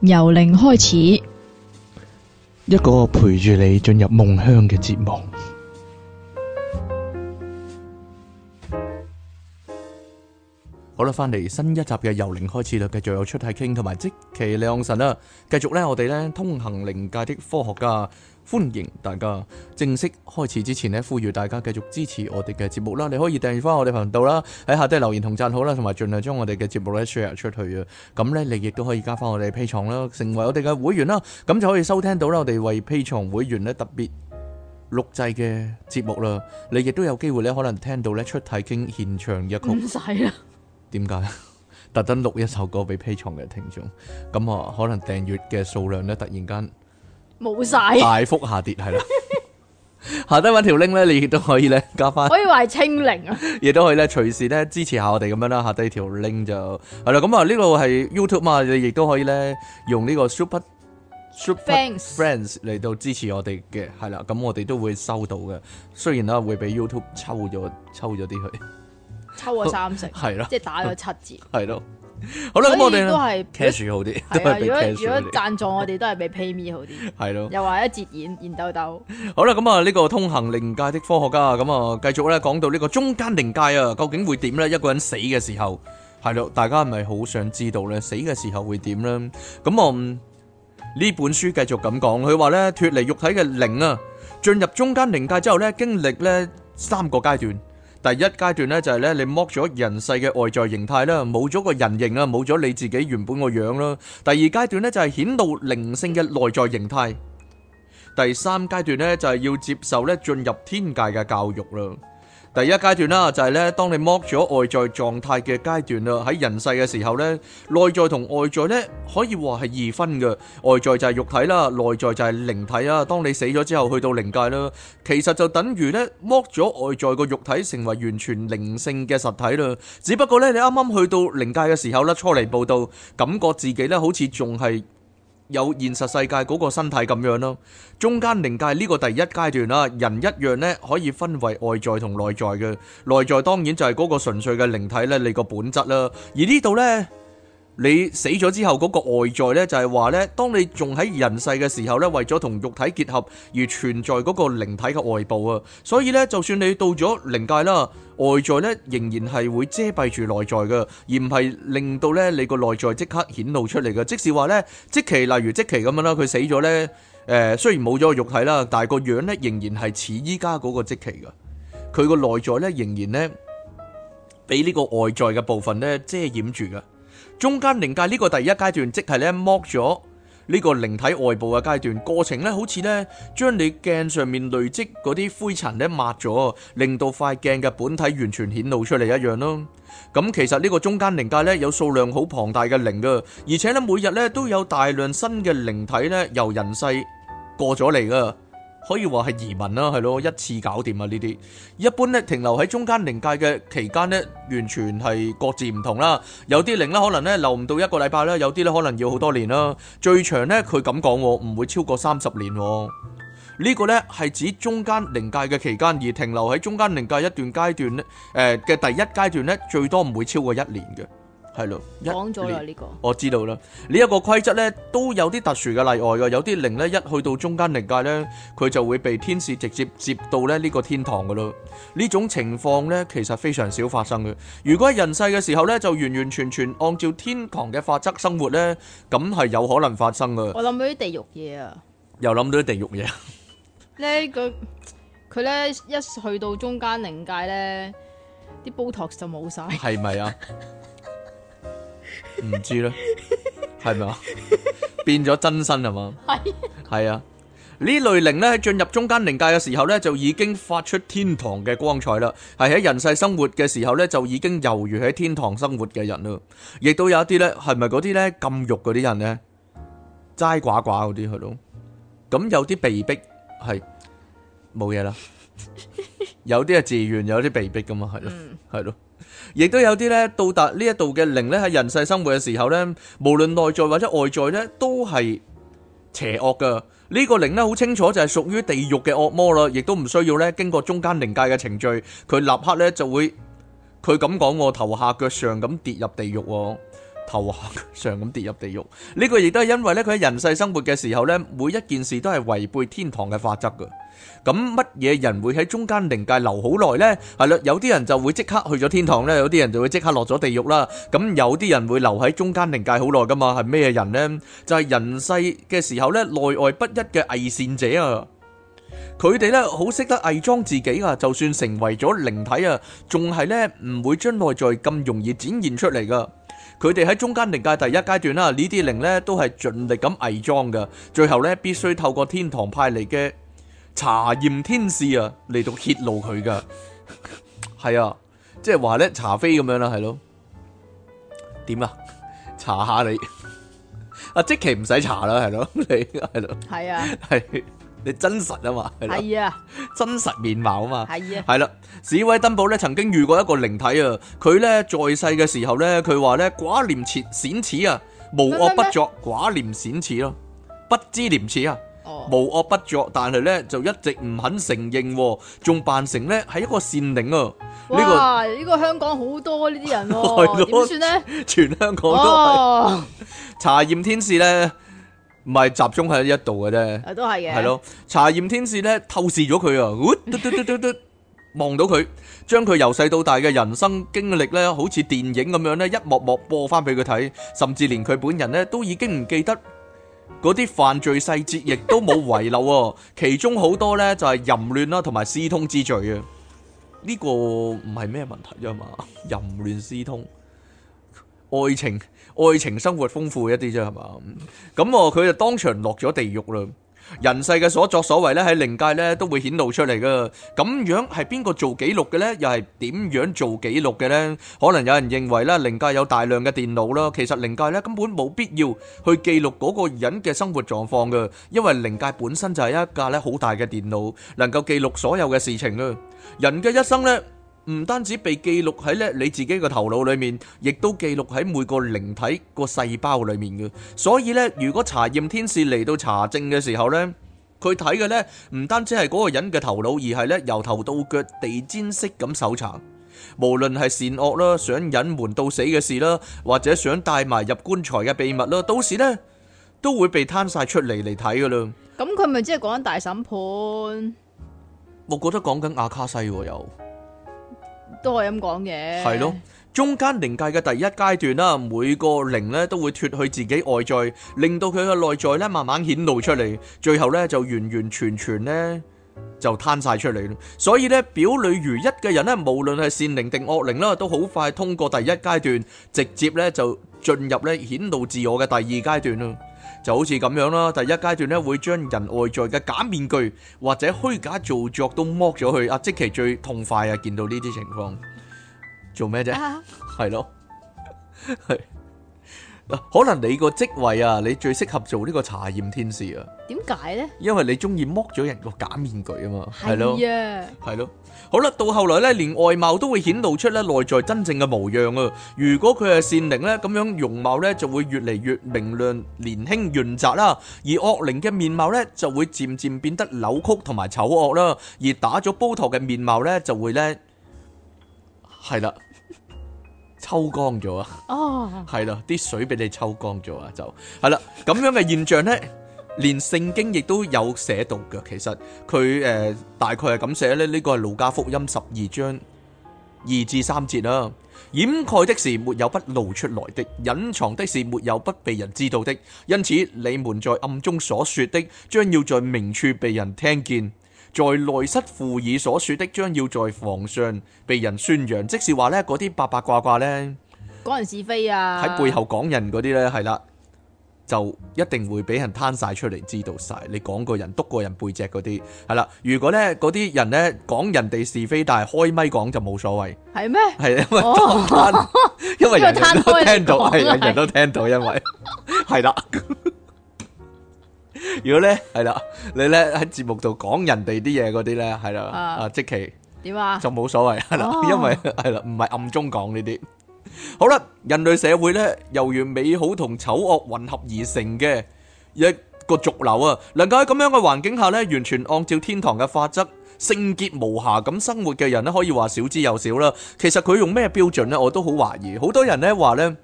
由零開始，一個陪住你進入夢鄉嘅節目。翻嚟新一集嘅《由零開始》啦，繼續有出體傾同埋即其亮神啦。繼續咧，我哋咧通行靈界的科學家歡迎大家。正式開始之前咧，呼籲大家繼續支持我哋嘅節目啦。你可以訂閱翻我哋頻道啦，喺下低留言同讚好啦，同埋盡量將我哋嘅節目咧 share 出去啊。咁咧，你亦都可以加翻我哋 P 藏啦，成為我哋嘅會員啦。咁就可以收聽到啦。我哋為 P 藏會員咧特別錄製嘅節目啦，你亦都有機會咧可能聽到咧出體傾現場嘅曲。點解 特登錄一首歌俾 Patreon 嘅聽眾，咁、嗯、啊可能訂閱嘅數量咧突然間冇晒，大幅下跌係啦。 下低搵條 link 咧，你亦都可以咧加翻。可以話係清零啊！亦都可以咧，隨時咧支持下我哋咁樣啦。下低條 link 就係啦。咁啊呢個係 YouTube 啊，you 你亦都可以咧用呢個 Super Super Thanks Friends 嚟到支持我哋嘅係啦。咁我哋都會收到嘅。雖然啦會俾 YouTube 抽咗抽咗啲去。抽我三成， 即係打咗七折，係咯。 好啦，咁我哋都係是 cash 好啲。 好如果如果贊助我哋都係俾 PayMe 好啲，係咯。 又話一折現現豆豆。好啦，咁啊，呢個通行靈界的科學家咁啊，繼、嗯、續咧講到呢個中間靈界啊，究竟會點咧？一個人死嘅時候，係咯，大家係咪好想知道咧？死嘅時候會點咧？咁我呢本書繼續咁講，佢話咧脱離肉體嘅靈啊，進入中間靈界之後咧，經歷咧三個階段。第一階段咧就係咧你剝咗人世嘅外在形態啦，冇咗個人形啊，冇咗你自己原本個樣啦。第二階段咧就係顯露靈性嘅內在形態。第三階段咧就係要接受咧進入天界嘅教育啦。第一階段啦，就係咧，當你剝咗外在狀態嘅階段啦，喺人世嘅時候咧，內在同外在咧可以話係二分嘅，外在就係肉體啦，內在就係靈體啦。當你死咗之後，去到靈界啦，其實就等於咧剝咗外在個肉體，成為完全靈性嘅實體啦。只不過咧，你啱啱去到靈界嘅時候咧，初嚟報道，感覺自己咧好似仲係有現實世界嗰個身體咁樣咯，中間靈界呢個第一階段啦，人一樣呢，可以分為外在同內在嘅，內在當然就係嗰個純粹嘅靈體呢，你個本質啦，而呢度呢。你死咗之後嗰個外在呢，就係話呢：當你仲喺人世嘅時候呢，為咗同肉體結合而存在嗰個靈體嘅外部啊，所以呢，就算你到咗靈界啦，外在呢仍然係會遮蔽住內在嘅，而唔係令到呢你個內在即刻顯露出嚟嘅。即使話呢，即期，例如即期咁樣啦，佢死咗呢，誒、呃、雖然冇咗個肉體啦，但係個樣呢，仍然係似依家嗰個即期嘅，佢個內在呢，仍然呢，俾呢個外在嘅部分呢遮掩住嘅。中間靈界呢個第一階段，即係咧剝咗呢個靈體外部嘅階段，過程咧好似咧將你鏡上面累積嗰啲灰塵咧抹咗，令到塊鏡嘅本體完全顯露出嚟一樣咯。咁、嗯、其實呢個中間靈界咧有數量好龐大嘅靈噶，而且咧每日咧都有大量新嘅靈體咧由人世過咗嚟噶。可以話係移民啦，係咯，一次搞掂啊！呢啲一般咧停留喺中間靈界嘅期間呢，完全係各自唔同啦。有啲靈咧可能咧留唔到一個禮拜啦，有啲咧可能要好多年啦。最長呢，佢咁講唔會超過三十年。呢、呢個呢，係指中間靈界嘅期間而停留喺中間靈界一段階段呢，誒、呃、嘅第一階段呢，最多唔會超過一年嘅。係咯，講咗啦呢個，我知道啦。這個，規則呢一個規則呢都有啲特殊嘅例外噶，有啲靈呢一去到中間靈界呢，佢就會被天使直接接到咧呢個天堂噶咯。呢種情況呢其實非常少發生嘅。如果喺人世嘅時候呢，就完完全全按照天堂嘅法則生活呢，咁係有可能發生噶。我諗到啲地獄嘢啊，又諗到啲地獄嘢啊。呢個佢呢一去到中間靈界呢，啲 Botox 就冇晒，係咪啊？ 唔知啦，係咪 啊？變咗真身係嘛？係係啊！呢類靈咧喺進入中間靈界嘅時候咧，就已經發出天堂嘅光彩啦。係喺人世生活嘅時候咧，就已經猶如喺天堂生活嘅人啦。亦都有一啲咧，係咪嗰啲咧禁欲嗰啲人咧？齋寡寡嗰啲係咯。咁有啲被逼係冇嘢啦。有啲係自願，有啲被逼噶嘛，係咯，係咯、嗯。亦都有啲咧，到達呢一度嘅靈咧，喺人世生活嘅時候咧，無論內在或者外在咧，都係邪惡噶。呢個靈咧好清楚就係屬於地獄嘅惡魔咯，亦都唔需要咧經過中間靈界嘅程序，佢立刻咧就會，佢咁講我頭下腳上咁跌入地獄喎。頭下上咁跌入地獄，呢個亦都係因為咧佢喺人世生活嘅時候咧，每一件事都係違背天堂嘅法則噶。咁乜嘢人會喺中間靈界留好耐呢？係啦，有啲人就會即刻去咗天堂咧，有啲人就會即刻落咗地獄啦。咁有啲人會留喺中間靈界好耐噶嘛？係咩人呢？就係人世嘅時候咧內外不一嘅偽善者啊！佢哋咧好識得偽裝自己啊，就算成為咗靈體啊，仲係咧唔會將內在咁容易展現出嚟噶。佢哋喺中間靈界第一階段啦，靈呢啲靈咧都係盡力咁偽裝嘅，最後咧必須透過天堂派嚟嘅查驗天使啊嚟到揭露佢噶，係 啊，即係話咧查飛咁樣啦，係咯，點啊查下你， 阿即其唔使查啦，係咯、啊，你係咯，係啊，係、啊。 你真實啊嘛，係啊，真實面貌啊嘛，係啦，啊。史威登堡咧曾經遇過一個靈體啊，佢咧在世嘅時候咧，佢話咧寡廉鮮恥啊，無惡不作，麼寡廉鮮恥咯，不知廉恥啊，哦、無惡不作，但係咧就一直唔肯承認，啊，仲扮成咧係一個善靈啊。呢，哇、這個呢、這個香港好多，啊、多呢啲人，點算咧？全香港都係查驗天使咧。唔係集中喺一度嘅啫，係咯？查驗天使咧透視咗佢啊，嘟嘟嘟嘟嘟，望到佢，將佢由細到大嘅人生經歷咧，好似電影咁樣咧，一幕幕播翻俾佢睇，甚至連佢本人咧都已經唔記得嗰啲犯罪細節，亦都冇遺漏。其中好多咧就係淫亂啦，同埋私通之罪啊！呢個唔係咩問題啫嘛？淫亂私通。愛情愛情生活豐富一啲啫，係嘛？咁哦，佢就當場落咗地獄啦。人世嘅所作所為咧，喺靈界咧都會顯露出嚟噶。咁樣係邊個做記錄嘅呢？又係點樣做記錄嘅呢？可能有人認為啦，靈界有大量嘅電腦啦。其實靈界咧根本冇必要去記錄嗰個人嘅生活狀況噶，因為靈界本身就係一架咧好大嘅電腦，能夠記錄所有嘅事情噶。人嘅一生咧。唔單止被記錄喺咧你自己個頭腦裏面，亦都記錄喺每個靈體個細胞裏面嘅。所以咧，如果查驗天使嚟到查證嘅時候咧，佢睇嘅咧唔單止係嗰個人嘅頭腦，而係咧由頭到腳地氈式咁搜查，無論係善惡啦，想隱瞞到死嘅事啦，或者想帶埋入棺材嘅秘密啦，到時咧都會被攤晒出嚟嚟睇噶啦。咁佢咪即係講緊大審判？我覺得講緊阿卡西喎又。都可以咁講嘅，係咯。中間靈界嘅第一階段啦，每個靈咧都會脫去自己外在，令到佢嘅內在咧慢慢顯露出嚟，最後咧就完完全全咧就攤晒出嚟咯。所以咧表裏如一嘅人咧，無論係善靈定惡靈啦，都好快通過第一階段，直接咧就進入咧顯露自我嘅第二階段啦。就好似咁樣啦，第一階段咧會將人外在嘅假面具或者虛假做作都剝咗佢，啊即其最痛快啊！見到呢啲情況做咩啫？係咯，係。可能你個職位啊，你最適合做呢個查驗天使啊。點解咧？因為你中意剝咗人個假面具啊嘛，係咯，係咯。好啦，到後來咧，連外貌都會顯露出咧內在真正嘅模樣啊。如果佢係善靈咧，咁樣容貌咧就會越嚟越明亮、年輕、潤澤啦；而惡靈嘅面貌咧就會漸漸變得扭曲同埋醜惡啦。而打咗煲頭嘅面貌咧就會咧係啦。抽乾咗啊！哦、oh.，係啦，啲水俾你抽乾咗啊，就係啦，咁樣嘅現象呢，連聖經亦都有寫到嘅。其實佢誒、呃、大概係咁寫呢：這「呢個係路加福音十二章二至三節啦。 掩蓋的事沒有不露出來的，隱藏的事沒有不被人知道的。因此你們在暗中所說的，將要在明處被人聽見。在內室附耳所說的，將要在房上被人宣揚，即是話呢嗰啲八八卦卦呢？講人是非啊，喺背後講人嗰啲呢係啦，就一定會俾人攤晒出嚟，知道晒。你講個人督個人背脊嗰啲係啦，如果呢嗰啲人呢講人哋是非，但係開咪講就冇所謂。係咩嗎？係因為當、oh. 因為人，人，人都聽到，係 人，人都聽到，因為係啦。 如果咧，係啦，你咧喺節目度講人哋啲嘢嗰啲咧，係啦，uh, 期啊，即期點啊，就冇所謂係啦，oh. 因為係啦，唔係暗中講呢啲。 好啦，人類社會咧，由完美好同醜惡混合而成嘅一個濁流啊，能夠喺咁樣嘅環境下咧，完全按照天堂嘅法則，聖潔無瑕咁生活嘅人咧，可以話少之又少啦。其實佢用咩標準咧，我都好懷疑。好多人咧話咧，呢、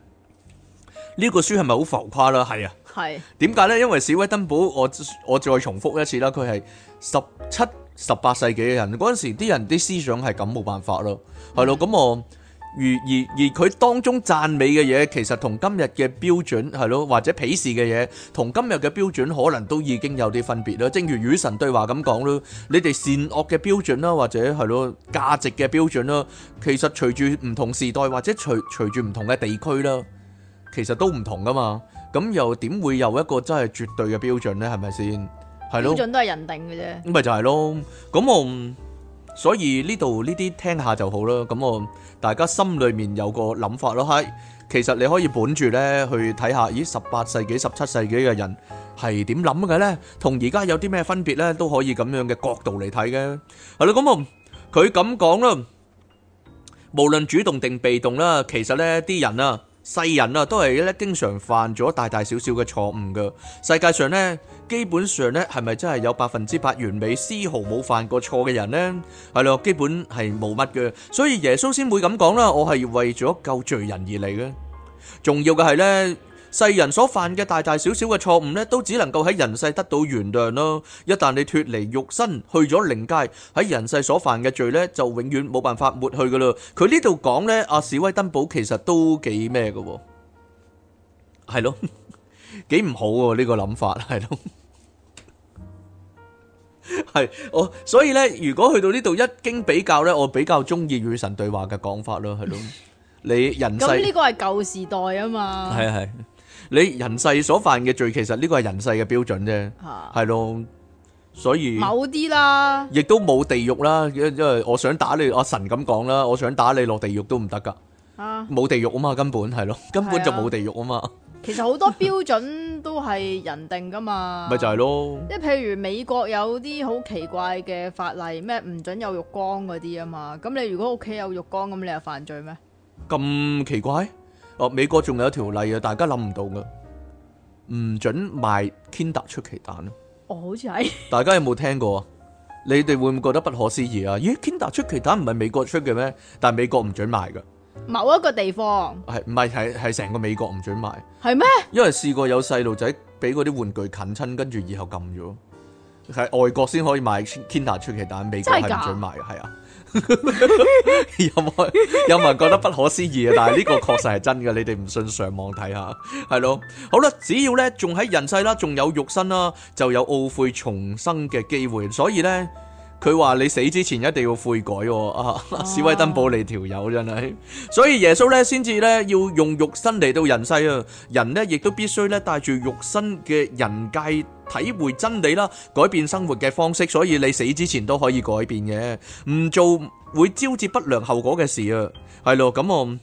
這個書係咪好浮誇啦？係啊。係點解呢？因為史威登堡，我我再重複一次啦，佢係十七、十八世紀嘅人，嗰陣時啲人啲思想係咁冇辦法咯，係咯。咁我而而而佢當中讚美嘅嘢，其實同今日嘅標準係咯，或者鄙視嘅嘢，同今日嘅標準可能都已經有啲分別啦。正如與神對話咁講咯，你哋善惡嘅標準啦，或者係咯價值嘅標準啦，其實隨住唔同時代或者隨隨住唔同嘅地區啦，其實都唔同㗎嘛。咁又點會有一個真係絕對嘅標準呢？係咪先？係啦，標準都係人定嘅啫。咁咪就係咯。咁我所以呢度呢啲聽下就好啦。咁我大家心裏面有個諗法咯。係，其實你可以本住呢去睇下，咦？十八世紀、十七世紀嘅人係點諗嘅呢？同而家有啲咩分別呢？都可以咁樣嘅角度嚟睇嘅。係啦，咁我佢咁講啦，無論主動定被動啦，其實呢啲人啊。世人啊，都係咧，經常犯咗大大小小嘅錯誤㗎。世界上呢，基本上呢，係咪真係有百分之百完美，絲毫冇犯過錯嘅人呢？係咯，基本係冇乜嘅。所以耶穌先會咁講啦，我係為咗救罪人而嚟嘅。重要嘅係呢。世人所犯嘅大大小小嘅錯誤咧，都只能夠喺人世得到原諒咯。一旦你脫離肉身，去咗靈界，喺人世所犯嘅罪咧，就永遠冇辦法抹去噶啦。佢呢度講咧，阿史威登堡其實都幾咩噶，係咯，幾唔好呢個諗法係咯，係哦，所以咧，如果去到呢度一經比較咧，我比較中意與神對話嘅講法咯，係咯，你人世咁呢個係舊時代啊嘛，係啊係。你人世所犯嘅罪，其實呢個係人世嘅標準啫，係咯，所以某啲啦，亦都冇地獄啦，因為我想打你，阿神咁講啦，我想打你落地獄都唔得噶啊，冇地獄啊嘛，根本係咯，根本就冇地獄啊嘛。其實好多標準都係人定噶嘛，咪就係咯，即係譬如美國有啲好奇怪嘅法例，咩唔准有浴缸嗰啲啊嘛，咁你如果屋企有浴缸，咁你又犯罪咩？咁奇怪？哦、美國仲有一條例啊，大家諗唔到嘅，唔准賣 Kinder 出奇蛋咯。哦，好似係。大家有冇聽過啊？ 你哋會唔會覺得不可思議啊？咦、欸、Kinder 出奇蛋唔係美國出嘅咩？但係美國唔准賣嘅。某一個地方係唔係係係成個美國唔准賣？係咩嗎？因為試過有細路仔俾嗰啲玩具近親，跟住以後撳咗，喺外國先可以賣 Kinder 出奇蛋，美國係唔准賣嘅，係啊。 有冇有人覺得不可思議啊？但係呢個確實係真嘅，你哋唔信上網睇下，係咯，好啦，只要咧仲喺人世啦，仲有肉身啦，就有懊悔重生嘅機會，所以咧。佢話：你死之前一定要悔改喎！啊，史威登堡你條友真係，所以耶穌咧先至咧要用肉身嚟到人世啊！人咧亦都必須咧帶住肉身嘅人界體會真理啦，改變生活嘅方式。所以你死之前都可以改變嘅，唔做會招致不良後果嘅事啊！係咯，咁我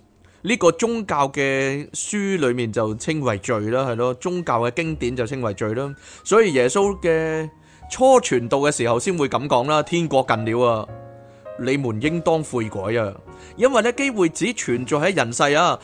呢個宗教嘅書裡面就稱為罪啦，係咯，宗教嘅經典就稱為罪啦。所以耶穌嘅初傳道嘅時候先會咁講啦，天國近了啊，你們應當悔改啊，因為咧機會只存在喺人世啊。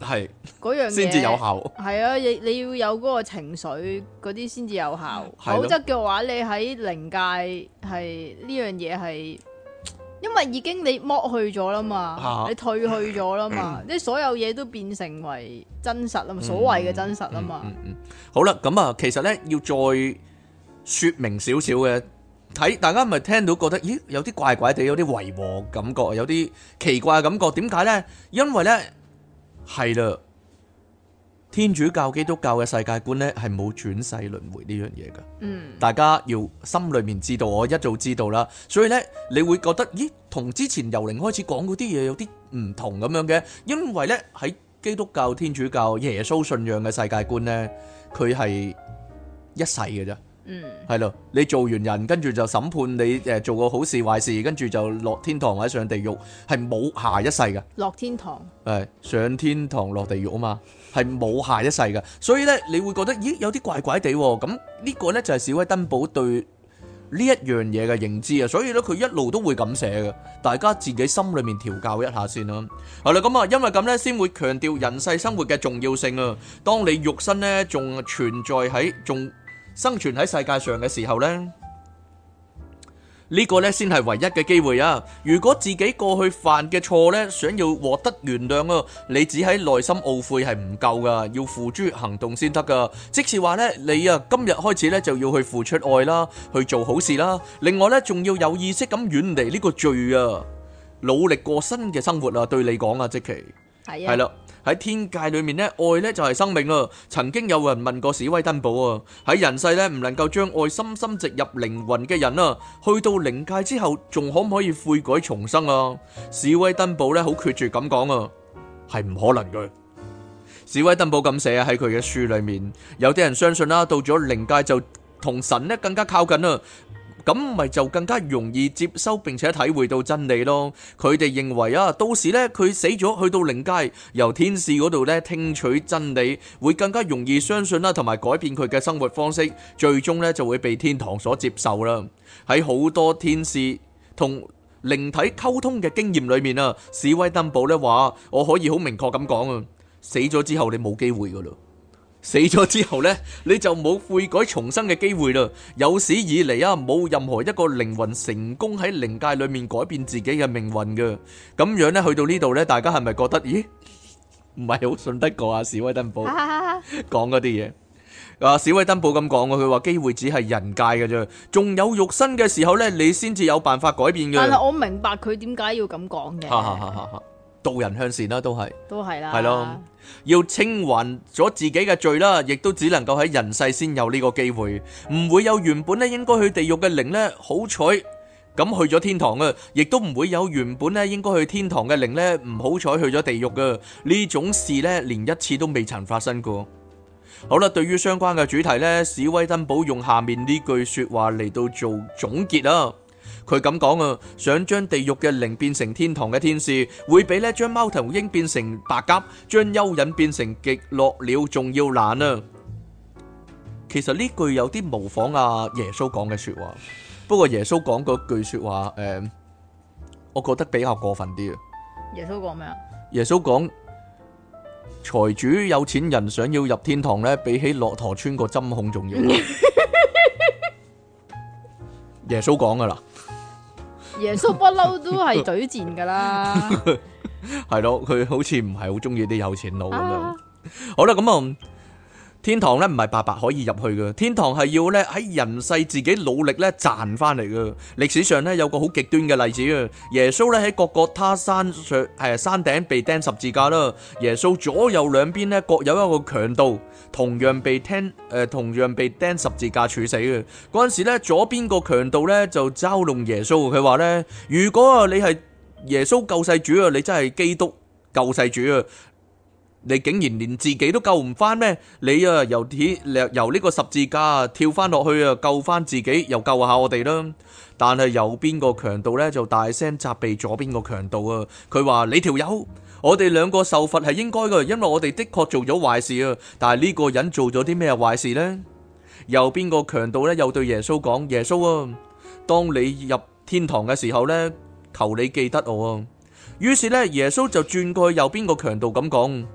係嗰是樣先至有效，係啊，你你要有嗰個情緒嗰啲先至有效，否則嘅話你喺靈界係呢樣嘢，係，因為已經你剝去咗啦嘛，啊、你退去咗啦嘛，即係 所有嘢都變成為真實啦、嗯、嘛，所謂嘅真實啦嘛。好啦，咁啊，其實咧要再說明少少嘅，睇大家咪聽到覺得，咦，有啲怪怪地，有啲違和感覺，有啲奇怪嘅感覺，點解咧？因為咧。係啦，天主教、基督教嘅世界觀呢係冇轉世輪回呢樣嘢噶。嗯，大家要心裏面知道，我一早知道啦。所以呢，你會覺得咦，同之前由零開始講嗰啲嘢有啲唔同咁樣嘅，因為呢，喺基督教、天主教、耶穌信仰嘅世界觀呢，佢係一世嘅啫。嗯，係咯，你做完人，跟住就審判你誒，做過好事壞事，跟住就落天堂或者上地獄，係冇下一世㗎。落天堂，係上天堂，落地獄啊嘛，係冇下一世㗎。所以咧，你會覺得咦，有啲怪怪地咁。呢個咧就係小威登堡對呢一樣嘢嘅認知啊。所以咧，佢一路都會咁寫嘅，大家自己心裏面調教一下先啦。係啦，咁啊，因為咁咧，先會強調人世生活嘅重要性啊。當你肉身咧仲存在喺仲。生存喺世界上嘅時候呢，呢個呢先係唯一嘅機會啊！如果自己過去犯嘅錯呢，想要獲得原諒啊，你只喺內心懊悔係唔夠噶，要付諸行動先得噶。即是話呢，你啊今日開始呢，就要去付出愛啦，去做好事啦。另外呢，仲要有意識咁遠離呢個罪啊，努力過新嘅生活啊，對你講啊，即其係啦。喺天界裏面呢，愛呢就係生命啊。曾經有人問過史威登堡啊，喺人世呢，唔能夠將愛深深植入靈魂嘅人啊，去到靈界之後，仲可唔可以悔改重生啊？史威登堡呢，好決絕咁講啊，係唔可能嘅。史威登堡咁寫喺佢嘅書裏面，有啲人相信啦，到咗靈界就同神呢更加靠近啦。咁咪就更加容易接收並且體會到真理咯？佢哋認為啊，到時呢，佢死咗去到靈界，由天使嗰度呢，聽取真理，會更加容易相信啦，同埋改變佢嘅生活方式，最終呢就會被天堂所接受啦。喺好多天使同靈體溝通嘅經驗裏面啊，史威登堡呢話：我可以好明確咁講啊，死咗之後你冇機會噶啦。死咗之後呢，你就冇悔改重生嘅機會喇。有史以嚟啊冇任何一個靈魂成功喺靈界裡面改變自己嘅命運㗎。咁樣呢去到呢度呢，大家係咪覺得，咦？唔係好信得過啊，史威登堡講嗰啲嘢。 要清還咗自己嘅罪啦，亦都只能夠喺人世先有呢個機會，唔會有原本咧應該去地獄嘅靈咧好彩咁去咗天堂啊，亦都唔會有原本咧應該去天堂嘅靈咧唔好彩去咗地獄啊，呢種事咧連一次都未曾發生過。好啦，對於相關嘅主題咧，史威登堡用下面呢句說話嚟到做總結啊。佢咁講啊，想將地獄嘅靈變成天堂嘅天使，會比呢將貓頭鷹變成白鴿，將蚯蚓變成極樂鳥，仲要難啊！其實呢句有啲模仿阿耶穌講嘅說話，不過耶穌講嗰句說話，誒，我覺得比較過分啲啊。耶穌講咩啊？耶穌講財主有錢人想要入天堂呢，比起駱駝穿個針孔仲要。耶穌講噶啦。耶穌不嬲都係嘴賤㗎啦 ，係咯，佢好似唔係好中意啲有錢佬咁樣。好啦，咁啊。 天堂咧唔係白白可以入去嘅，天堂係要咧喺人世自己努力咧賺翻嚟嘅。歷史上咧有個好極端嘅例子啊，耶穌咧喺各各他山上誒山頂被釘十字架啦。耶穌左右兩邊咧各有一個強盜，同樣被釘誒、呃，同樣被釘十字架處死嘅。嗰陣時咧，左邊個強盜咧就嘲弄耶穌，佢話咧：如果啊你係耶穌救世主啊，你真係基督救世主啊！你竟然連自己都救唔翻咩？你啊，由鐵由呢個十字架跳翻落去啊，救翻自己又救下我哋啦。但係右邊個強盜咧就大聲責備左邊個強盜啊。佢話你條友，我哋兩個受罰係應該噶，因為我哋的確做咗壞事啊。但係呢個人做咗啲咩壞事呢？右邊個強盜咧又對耶穌講：耶穌啊，當你入天堂嘅時候咧，求你記得我啊。於是咧，耶穌就轉過去右邊個強盜咁講。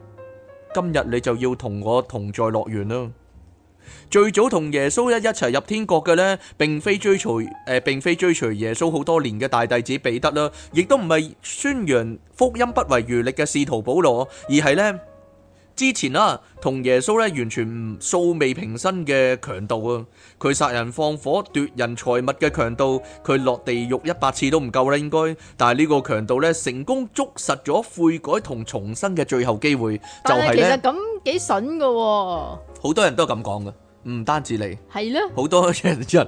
今日你就要同我同在樂園啦！最早同耶穌一一齊入天國嘅，呢，並非追隨誒、呃，並非追隨耶穌好多年嘅大弟子彼得啦，亦都唔係宣揚福音不遺餘力嘅使徒保羅，而係呢。之前啦，同耶穌咧完全素未平生嘅強盜啊，佢殺人放火奪人財物嘅強盜，佢落地獄一百次都唔夠啦，應該。但係呢個強盜咧，成功捉實咗悔改同重生嘅最後機會，就係咧。但係其實咁幾筍嘅，好多人都係咁講嘅，唔單止你，係咯，好多嘅人就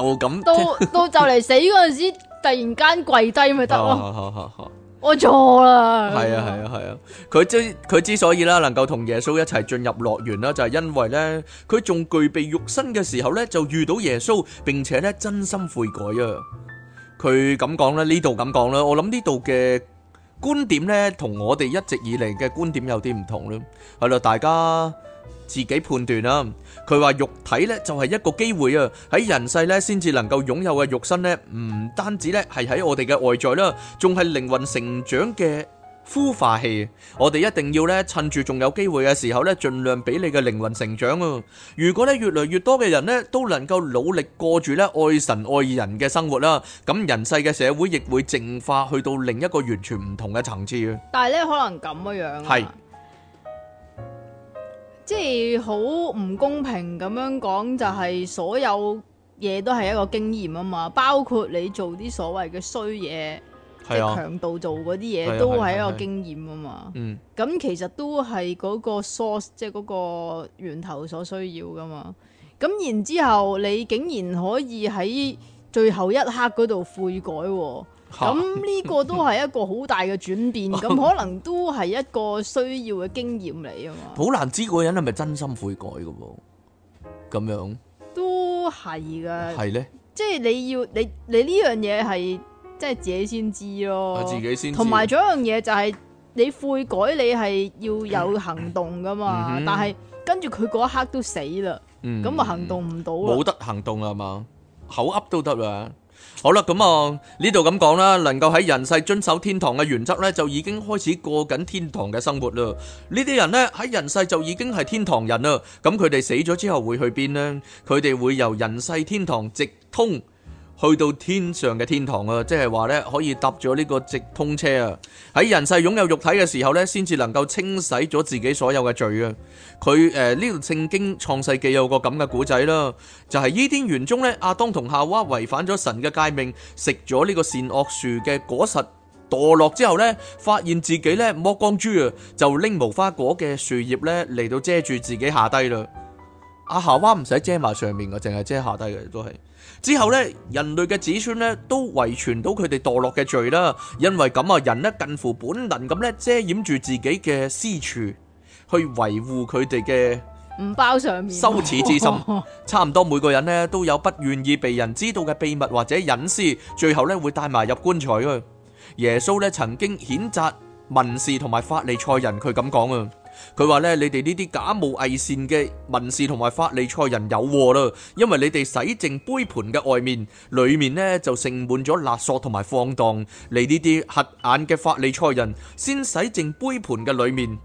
咁到到就嚟死嗰陣時，突然間跪低咪得咯。我錯啦！係啊，係啊，係啊！佢之佢之所以啦，能夠同耶穌一齊進入樂園啦，就係因為咧，佢仲具備肉身嘅時候咧，就遇到耶穌，並且咧真心悔改啊！佢咁講咧，呢度咁講啦，我諗呢度嘅觀點咧，同我哋一直以嚟嘅觀點有啲唔同咯，係咯，大家自己判斷啦！佢話肉體咧就係一個機會啊，喺人世咧先至能夠擁有嘅肉身咧，唔單止咧係喺我哋嘅外在啦，仲係靈魂成長嘅孵化器。我哋一定要咧趁住仲有機會嘅時候咧，盡量俾你嘅靈魂成長啊！如果咧越嚟越多嘅人咧都能夠努力過住咧愛神愛人嘅生活啦，咁人世嘅社會亦會淨化去到另一個完全唔同嘅層次啊！但係咧可能咁嘅樣啊。係。即係好唔公平咁樣講，就係、是、所有嘢都係一個經驗啊嘛，包括你做啲所謂嘅衰嘢， 即係強盜做嗰啲嘢， 都係一個經驗啊嘛。嗯，咁 其實都係嗰個 source，即係個源頭所需要噶嘛。咁然之後，你竟然可以喺最後一刻嗰度悔改、哦。咁呢哈個都係一個好大嘅轉變，咁 可能都係一個需要嘅經驗嚟啊嘛。好難知個人係咪真心悔改噶喎，咁樣都係噶。係咧呢，即係你要你你呢樣嘢係，即係自己先知咯。自己先。同埋仲有一樣嘢就係、是、你悔改，你係要有行動噶嘛。 但係跟住佢嗰一刻都死啦，咁啊、嗯、行動唔到冇得行動啊嘛，口噏都得啦。好啦，咁啊呢度咁講啦，能夠喺人世遵守天堂嘅原則咧，就已經開始過緊天堂嘅生活啦。呢啲人咧，喺人世就已經係天堂人啦。咁佢哋死咗之後會去邊咧？佢哋會由人世天堂直通。去到天上嘅天堂啊！即係話呢，可以搭咗呢個直通車啊！喺人世擁有肉體嘅時候呢，先至能夠清洗咗自己所有嘅罪啊！佢誒呢度聖經創世紀有個咁嘅古仔啦，就係伊甸園中呢。阿當同夏娃違反咗神嘅誡命，食咗呢個善惡樹嘅果實，墮落之後呢，發現自己呢，剝光珠啊，就拎無花果嘅樹葉呢嚟到遮住自己下低啦。阿夏娃唔使遮埋上面噶，淨係遮下低嘅都係。之後咧，人類嘅子孫咧都遺傳到佢哋墮落嘅罪啦。因為咁啊，人咧近乎本能咁咧遮掩住自己嘅私處，去維護佢哋嘅唔包上面羞恥之心。哦、差唔多每個人咧都有不願意被人知道嘅秘密或者隱私，最後咧會帶埋入棺材啊。耶穌咧曾經譴責文士同埋法利賽人，佢咁講啊。佢話咧，你哋呢啲假冒偽善嘅文士同埋法利賽人有禍啦，因為你哋洗淨杯盤嘅外面，裏面呢就盛滿咗勒索同埋放蕩。你呢啲黑眼嘅法利賽人先洗淨杯盤嘅裏面，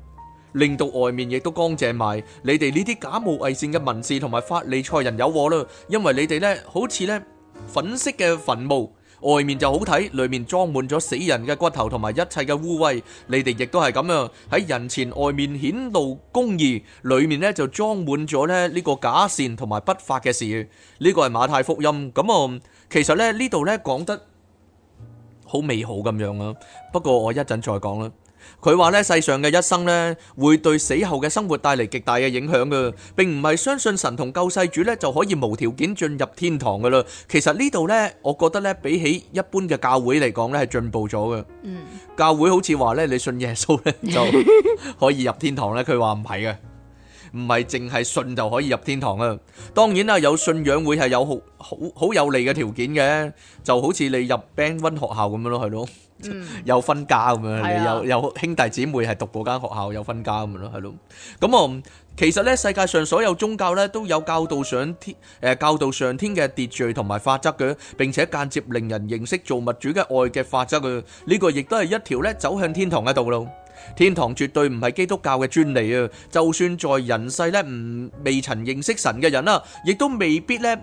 令到外面亦都乾淨埋。你哋呢啲假冒偽善嘅文士同埋法利賽人有禍啦，因為你哋呢好似呢粉色嘅墳墓。外面就好睇，裏面裝滿咗死人嘅骨頭同埋一切嘅污穢。你哋亦都係咁樣喺人前外面顯露公義，裏面呢就裝滿咗咧呢個假善同埋不法嘅事。呢、呢個係馬太福音咁啊、嗯，其實咧呢度呢講得好美好咁樣啊。不過我一陣再講啦。佢話咧，世上嘅一生咧，會對死後嘅生活帶嚟極大嘅影響噶，並唔係相信神同救世主咧就可以無條件進入天堂噶啦。其實呢度咧，我覺得咧比起一般嘅教會嚟講咧係進步咗噶。嗯，教會好似話咧，你信耶穌咧就可以入天堂咧。佢話唔係嘅。唔係淨係信就可以入天堂啊！當然啦，有信仰會係有好好好有利嘅條件嘅，就好似你入 Band 1學校咁樣咯，係咯，有分家咁樣，你有有兄弟姊妹係讀嗰間學校，有分家咁樣咯，係咯。咁啊，其實咧，世界上所有宗教咧都有教導上天，誒，教導上天嘅秩序同埋法則嘅，並且間接令人認識造物主嘅愛嘅法則嘅，呢個亦都係一條咧走向天堂嘅道路。天堂絕對唔係基督教嘅專利啊！就算在人世咧，唔未曾認識神嘅人啊，亦都未必咧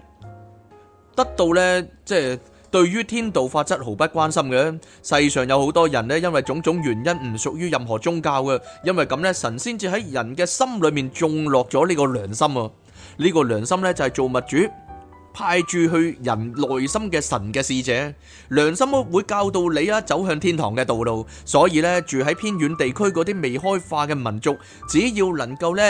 得到咧，即係對於天道法則毫不關心嘅。世上有好多人咧，因為種種原因唔屬於任何宗教嘅，因為咁咧，神先至喺人嘅心裏面種落咗呢個良心啊！呢個良心咧就係造物主。派住去人內心嘅神嘅使者，良心會教導你啊，走向天堂嘅道路。所以呢，住喺偏遠地區嗰啲未開化嘅民族，只要能夠呢，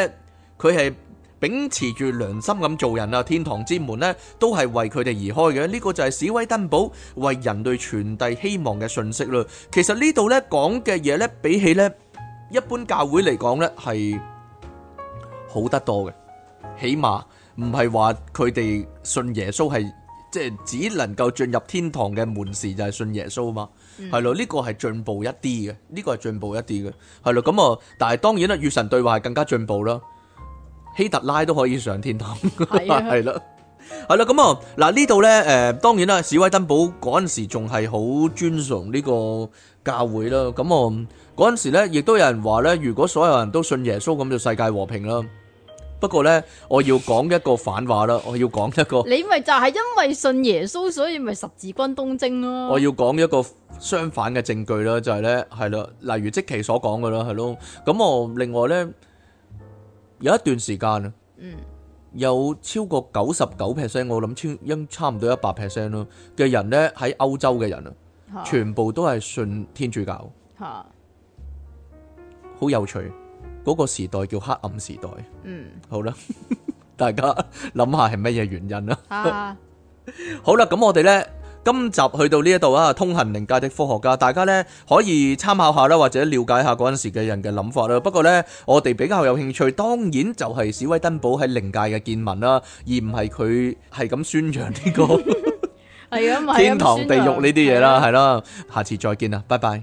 佢係秉持住良心咁做人啊。天堂之門呢，都係為佢哋而開嘅。呢個就係史威登堡為人類傳遞希望嘅信息啦。其實呢度呢講嘅嘢呢，比起呢一般教會嚟講呢，係好得多嘅，起碼。唔係話佢哋信耶穌係即係只能夠進入天堂嘅門匙就係信耶穌啊嘛，係咯，呢個係進步一啲嘅，呢、呢個係進步一啲嘅，係咯咁啊！但係當然啦，與神對話係更加進步啦。希特拉都可以上天堂，係啦的，係啦咁啊！嗱的、 嗯、呢度咧，誒，當然啦，史威登堡嗰陣時仲係好尊崇呢個教會啦。咁、嗯、啊，嗰陣時咧，亦都有人話咧，如果所有人都信耶穌，咁就世界和平啦。不過呢，我要講一個反話啦， 我要講一個。你咪就係因為信耶穌，所以咪十字軍東征咯。我要講一個相反嘅證據啦，就係呢，係咯，例如即其所講嘅咯，係咯。咁我另外呢，有一段時間啊，嗯，有超過九十九 percent，我諗超應差唔多一百 percent 咯嘅人呢，喺歐洲嘅人啊，哈全部都係信天主教，吓哈，好有趣。嗰個時代叫黑暗時代。嗯，好啦，大家諗下係乜嘢原因啦？啊，好啦，咁我哋呢，今集去到呢一度啊，通行靈界的科學家，大家呢可以參考下啦，或者了解下嗰陣時嘅人嘅諗法啦。不過呢，我哋比較有興趣，當然就係史威登堡喺靈界嘅見聞啦，而唔係佢係咁宣揚呢個係啊， 天堂地獄呢啲嘢啦，係啦，下次再見啦，拜拜。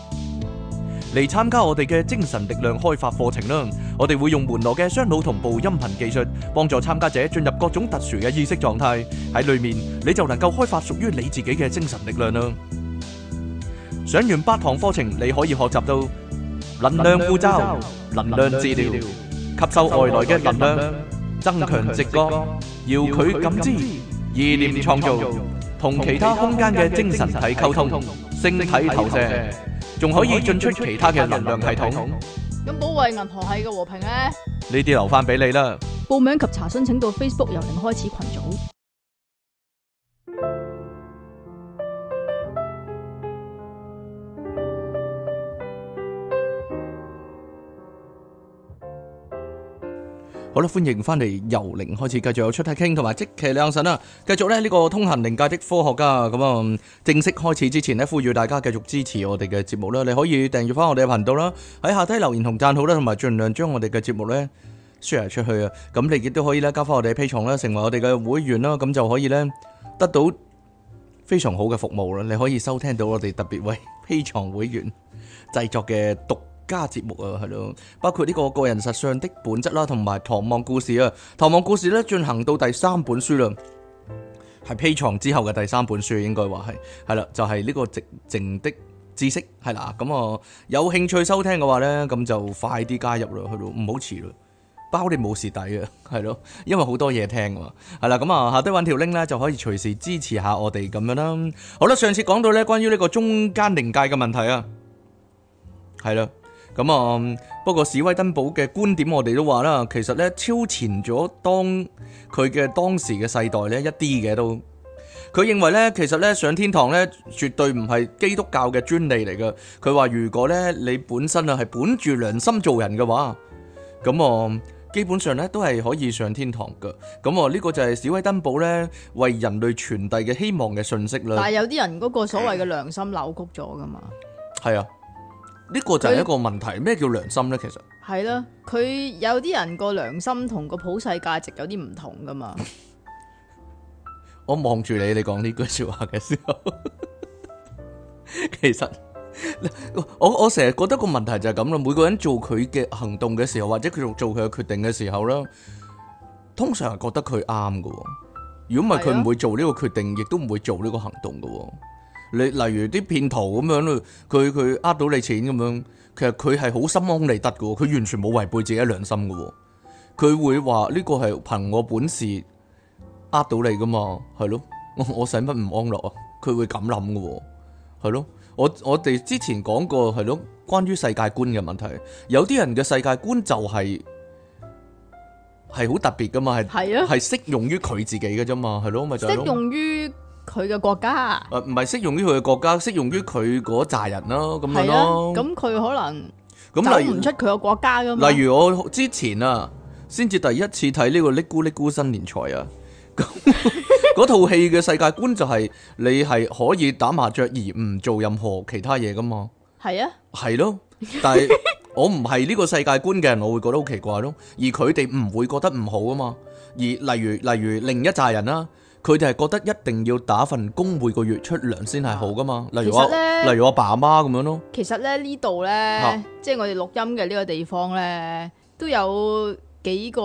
嚟參加我哋嘅精神力量開發課程啦！我哋會用門羅嘅雙腦同步音頻技術，幫助參加者進入各種特殊嘅意識狀態。喺裏面你就能夠開發屬於你自己嘅精神力量啦！上完八堂課程，你可以學習到能量護罩、能量治療、吸收外來嘅能量、增強直覺、遙距感知、意念創造、同其他空間嘅精神體溝通、星體投射。仲可以進出其他嘅能量系統。咁保衞銀河系嘅和平咧？呢啲留翻俾你啦。報名及查詢請到 Facebook 由零開始群組。好啦，歡迎翻嚟由零開始，繼續有出嚟傾，同埋即其兩神啊，繼續咧呢個通行靈界的科學家，咁啊正式開始之前咧，呼籲大家繼續支持我哋嘅節目啦，你可以訂閱翻我哋嘅頻道啦，喺下底留言同讚好啦，同埋盡量將我哋嘅節目咧 share 出去啊，咁你亦都可以咧加翻我哋 Patreon 啦，成為我哋嘅會員啦，咁就可以咧得到非常好嘅服務啦，你可以收聽到我哋特別為 Patreon 會員製作嘅獨。加節目啊，係咯，包括呢個個人實相的本質啦，同埋《唐望故事》啊，《唐望故事》咧進行到第三本書啦，係披床之後嘅第三本書，應該話係係啦，就係、是、呢個寂靜，靜的知識係啦。咁我、嗯、有興趣收聽嘅話咧，咁就快啲加入咯，唔好遲咯，包你冇蝕底啊，係咯，因為好多嘢聽啊，係啦，咁、嗯、啊下低搵條 link 咧就可以隨時支持下我哋咁樣啦。好啦，上次講到咧關於呢個中間靈界嘅問題啊，係啦。咁啊、嗯，不過史威登堡嘅觀點，我哋都話啦，其實咧超前咗當佢嘅當時嘅世代咧一啲嘅都。佢認為咧，其實咧上天堂咧，絕對唔係基督教嘅專利嚟噶。佢話如果咧你本身啊係本住良心做人嘅話，咁、嗯、啊基本上咧都係可以上天堂嘅。咁啊呢個就係史威登堡咧為人類傳遞嘅希望嘅信息啦。但係有啲人嗰個所謂嘅良心扭曲咗噶嘛？係、嗯、啊。呢個就係一個問題，咩他叫良心咧？其實係啦，佢有啲人個良心同個普世價值有啲唔同噶嘛。 我望住你，你講呢句說話嘅時候， 其實我我成日覺得個問題就係咁啦。每個人做佢嘅行動嘅時候，或者佢做佢嘅決定嘅時候啦，通常係覺得佢啱噶。如果唔係，佢唔會做呢個決定，的亦都唔會做呢個行動噶。你例如啲騙徒咁樣咯，佢佢呃到你錢咁樣，其實佢係好心安理得嘅喎，佢完全冇違背自己良心嘅喎，佢會話呢個係憑我本事呃到你噶嘛，係咯，我我使乜唔安樂啊？佢會咁諗嘅喎，係咯，我我哋之前講過係咯，關於世界觀嘅問題，有啲人嘅世界觀就係係好特別嘅嘛，係係適用於佢自己嘅啫嘛，係咯的，咪適用於。佢嘅國家，誒唔係適用於佢嘅國家，適用於佢嗰扎人咯，咁樣咯。咁佢、啊、可能找唔出佢個國家噶嘛例？例如我之前啊，先至第一次睇呢、呢個《嚦咕嚦咕》新年財啊，咁嗰套戲嘅世界觀就係你係可以打麻雀而唔做任何其他嘢噶嘛？係啊，係咯，但係我唔係呢個世界觀嘅人，我會覺得好奇怪咯。而佢哋唔會覺得唔好啊嘛。而例如例如另一紮人啦、啊。佢哋係覺得一定要打份工，每個月出糧先係好㗎嘛？例如我，例如我爸媽咁樣咯。其實咧，呢度咧，啊、即係我哋錄音嘅呢個地方咧，都有幾個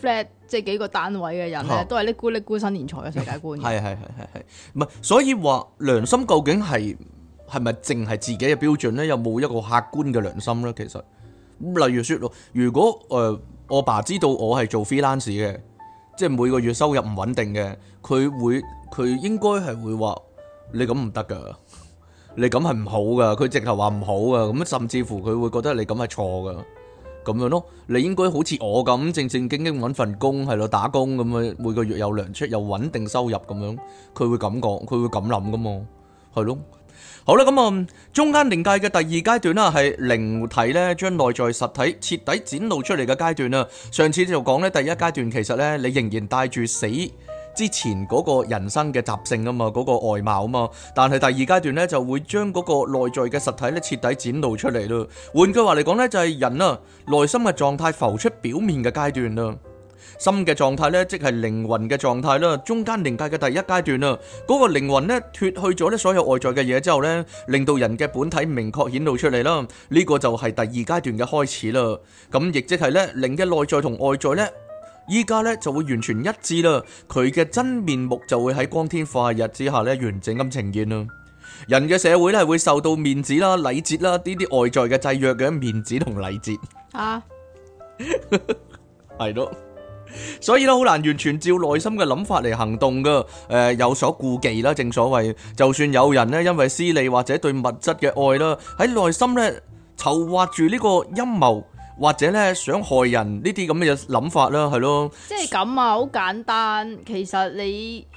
flat，即係幾個單位嘅人咧，啊、都係拎咕拎咕身年財嘅世界觀嘅。係係係係係。唔係，所以話良心究竟係係咪淨係自己嘅標準咧？有冇一個客觀嘅良心咧？其實，例如説，如果誒、呃、我爸知道我係做 freelance 嘅。即係每個月收入唔穩定嘅，佢會佢應該係會話你咁唔得㗎，你咁係唔好㗎，佢直頭話唔好㗎，咁甚至乎佢會覺得你咁係錯㗎，咁樣咯，你應該好似我咁正正經經揾份工係咯，打工咁樣每個月有糧出，有穩定收入咁樣，佢會咁講，佢會咁諗㗎嘛，係咯。好啦，咁啊，中間靈界嘅第二階段啦，係靈體咧將內在實體徹底展露出嚟嘅階段啦。上次就講咧第一階段，其實咧你仍然帶住死之前嗰個人生嘅習性啊嘛，嗰個外貌啊嘛，但係第二階段咧就會將嗰個內在嘅實體咧徹底展露出嚟咯。換句話嚟講咧，就係人啊內心嘅狀態浮出表面嘅階段啦。心嘅狀態呢，即係靈魂嘅狀態啦。中間靈界嘅第一階段啦，嗰、那個靈魂呢脫去咗呢所有外在嘅嘢之後呢，令到人嘅本體明確顯露出嚟啦。呢、這個就係第二階段嘅開始啦。咁亦即係呢，靈嘅內在同外在呢，依家呢就會完全一致啦。佢嘅真面目就會喺光天化日之下呢完整咁呈現啦。人嘅社會呢，會受到面子啦、禮節啦呢啲外在嘅制約嘅面子同禮節啊，係咯。 所以咧，好難完全照內心嘅諗法嚟行動㗎。誒、呃，有所顧忌啦，正所謂，就算有人咧，因為私利或者對物質嘅愛啦，喺內心咧籌劃住呢個陰謀，或者咧想害人呢啲咁嘅諗法啦，係咯。即係咁啊，好簡單。其實你。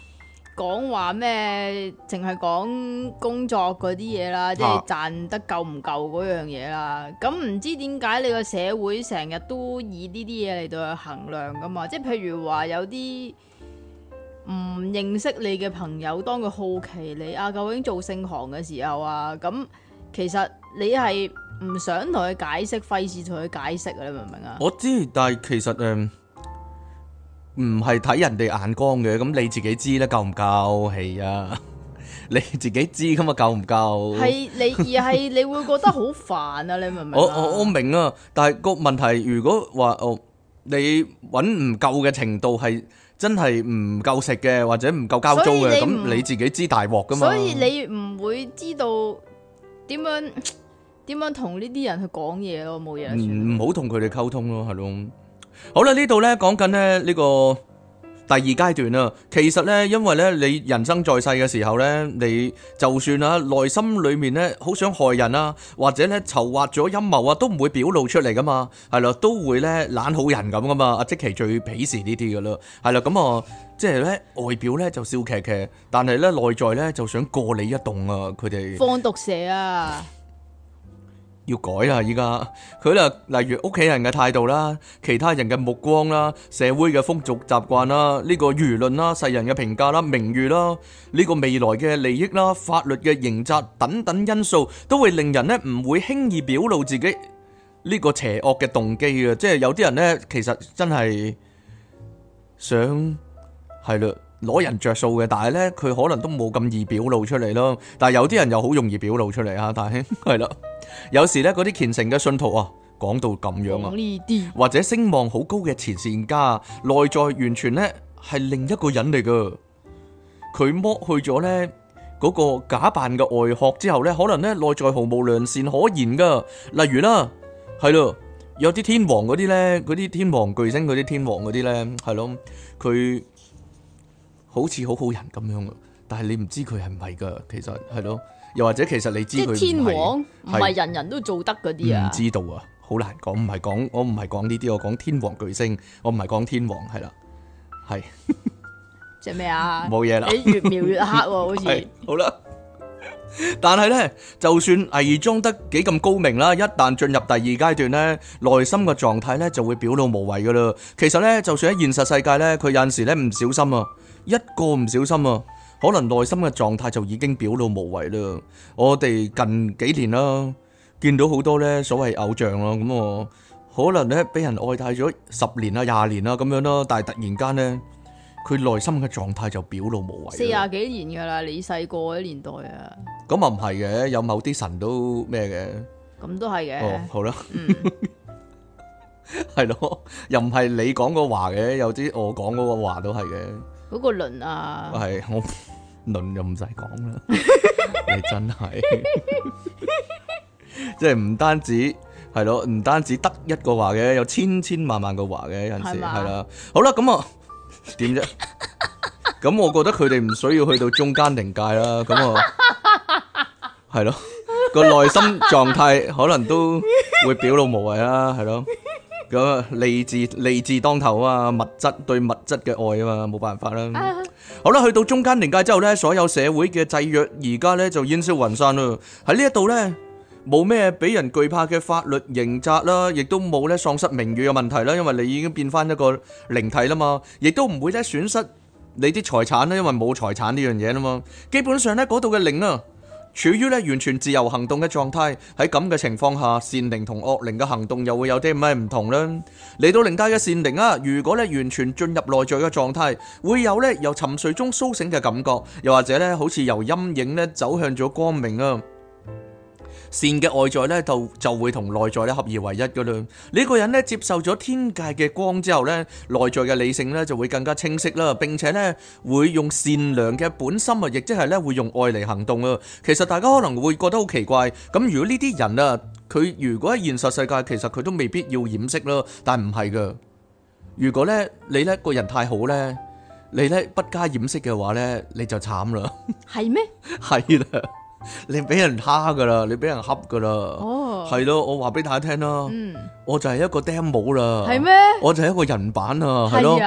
講話咩？淨係講工作嗰啲嘢啦，即係賺得夠唔夠嗰樣嘢啦。咁唔知點解你個社會成日都以呢啲嘢嚟到去衡量噶嘛？即係譬如話有啲唔認識你嘅朋友當佢好奇你啊，究竟做性行嘅時候啊，咁其實你係唔想同佢解釋，費事同佢解釋啊，你明唔明啊？我知，但係其實誒。唔係睇人哋眼光嘅。咁你自己知啦，夠唔夠？係啊，你自己知咁啊，夠唔夠？係你而係你會覺得好煩啊！你明唔明啊？我我我明啊！但係個問題，如果話哦，你搵唔夠嘅程度，係真係唔夠食嘅，或者唔夠交租嘅，咁你自己知大鑊噶嘛？所以你唔會知道點樣點樣同呢啲人去講嘢咯，冇嘢。唔唔好同佢哋溝通咯，係咯。好啦，呢度咧講緊咧呢個第二階段啦。其實咧，因為咧你人生在世嘅時候咧，你就算啊內心裏面咧好想害人啊，或者咧籌劃咗陰謀啊，都唔會表露出嚟噶嘛。係啦，都會咧懶好人咁噶嘛。阿即其最鄙視呢啲噶啦，係啦咁啊，即係咧外表咧就笑騎騎，但係咧內在咧就想過你一動啊，佢哋放毒蛇啊。要改啦！依家佢咧，例如屋企人嘅態度啦，其他人嘅目光啦，社會嘅風俗習慣啦，呢個輿論啦，世人嘅評價啦，名譽啦，呢個未來嘅利益啦，法律嘅刑責等等因素，都會令人咧唔會輕易表露自己呢個邪惡嘅動機嘅。即係有啲人咧，其實真係想係咯，攞人著數嘅，但係咧佢可能都冇咁易表露出嚟咯。但係有啲人又好容易表露出嚟啊！大兄係啦。有時咧，嗰啲虔誠嘅信徒啊，講到咁樣啊，或者聲望好高嘅慈善家，內在完全咧係另一個人嚟噶。佢剝去咗咧嗰個假扮嘅外殼之後咧，可能咧內在毫無良善可言噶。例如啦，係咯，有啲天王嗰啲咧，嗰啲天王巨星，嗰啲天王嗰啲咧，係咯，佢好似好好人咁樣啊，但係你唔知佢係唔係噶，其實係咯。又或者，其實你知佢天王唔係人人都做得嗰啲啊？唔知道啊，好難講。唔係講，我唔係講呢啲，我講天王巨星。我唔係講天王，係啦，係。只咩啊？冇嘢啦，你越描越黑喎，好似。好啦。但係咧，就算偽裝得幾咁高明啦，一旦進入第二階段咧，內心嘅狀態咧就會表露無遺㗎啦。其實咧，就算喺現實世界咧，佢有陣時咧唔小心啊，一個唔小心啊，可能內心嘅狀態就已經表露無遺啦。我哋近幾年啦，見到好多咧所謂偶像啦，咁我可能咧俾人愛戴咗十年啊、廿年啊咁樣咯，但係突然間咧，佢內心嘅狀態就表露無遺。四廿幾年噶啦，你細個嗰年代啊。咁啊唔係嘅，有某啲神都咩嘅。咁都係嘅。哦，好啦，係咯，又唔係你講個話嘅，有啲我講嗰個話都係嘅。嗰個輪啊。係我。論就唔使講啦， 你真係， 即係唔單止係咯，唔單止得一個話嘅，有千千萬萬個話嘅，有陣時係啦嗎。好啦，咁啊點啫？咁 我覺得佢哋唔需要去到中間靈界啦。咁啊，係咯，個 內心狀態可能都會表露無遺啦。係咯，咁利字利字當頭啊，物質對物質嘅愛啊嘛，冇辦法啦。 好啦，去到中間靈界之後咧，所有社會嘅制約而家咧就煙消雲散啦。喺呢一度咧，冇咩俾人懼怕嘅法律刑責啦，亦都冇咧喪失名譽嘅問題啦，因為你已經變翻一個靈體啦嘛，亦都唔會咧損失你啲財產啦，因為冇財產呢樣嘢啦嘛。基本上咧，嗰度嘅靈啊。處於咧完全自由行動嘅狀態，喺咁嘅情況下，善靈同惡靈嘅行動又會有啲咩唔同呢？嚟到靈界嘅善靈啊，如果咧完全進入內在嘅狀態，會有咧由沉睡中甦醒嘅感覺，又或者咧好似由陰影咧走向咗光明啊。善嘅外在呢，就就會同內在咧合而為一噶啦。呢個人呢，接受咗天界嘅光之後呢，內在嘅理性呢就會更加清晰啦，並且呢，會用善良嘅本心啊，亦即係呢，會用愛嚟行動啊。其實大家可能會覺得好奇怪，咁如果呢啲人啊，佢如果喺現實世界，其實佢都未必要掩飾啦。但唔係噶，如果呢，你呢個人太好呢，你呢不加掩飾嘅話呢，你就慘啦。係咩嗎？係啦。你俾人蝦噶啦，你俾人恰噶啦。哦，係咯，我話俾大家聽啦。嗯，我就係一個 demo 啦。係咩嗎？我就係一個人版啊，係咯。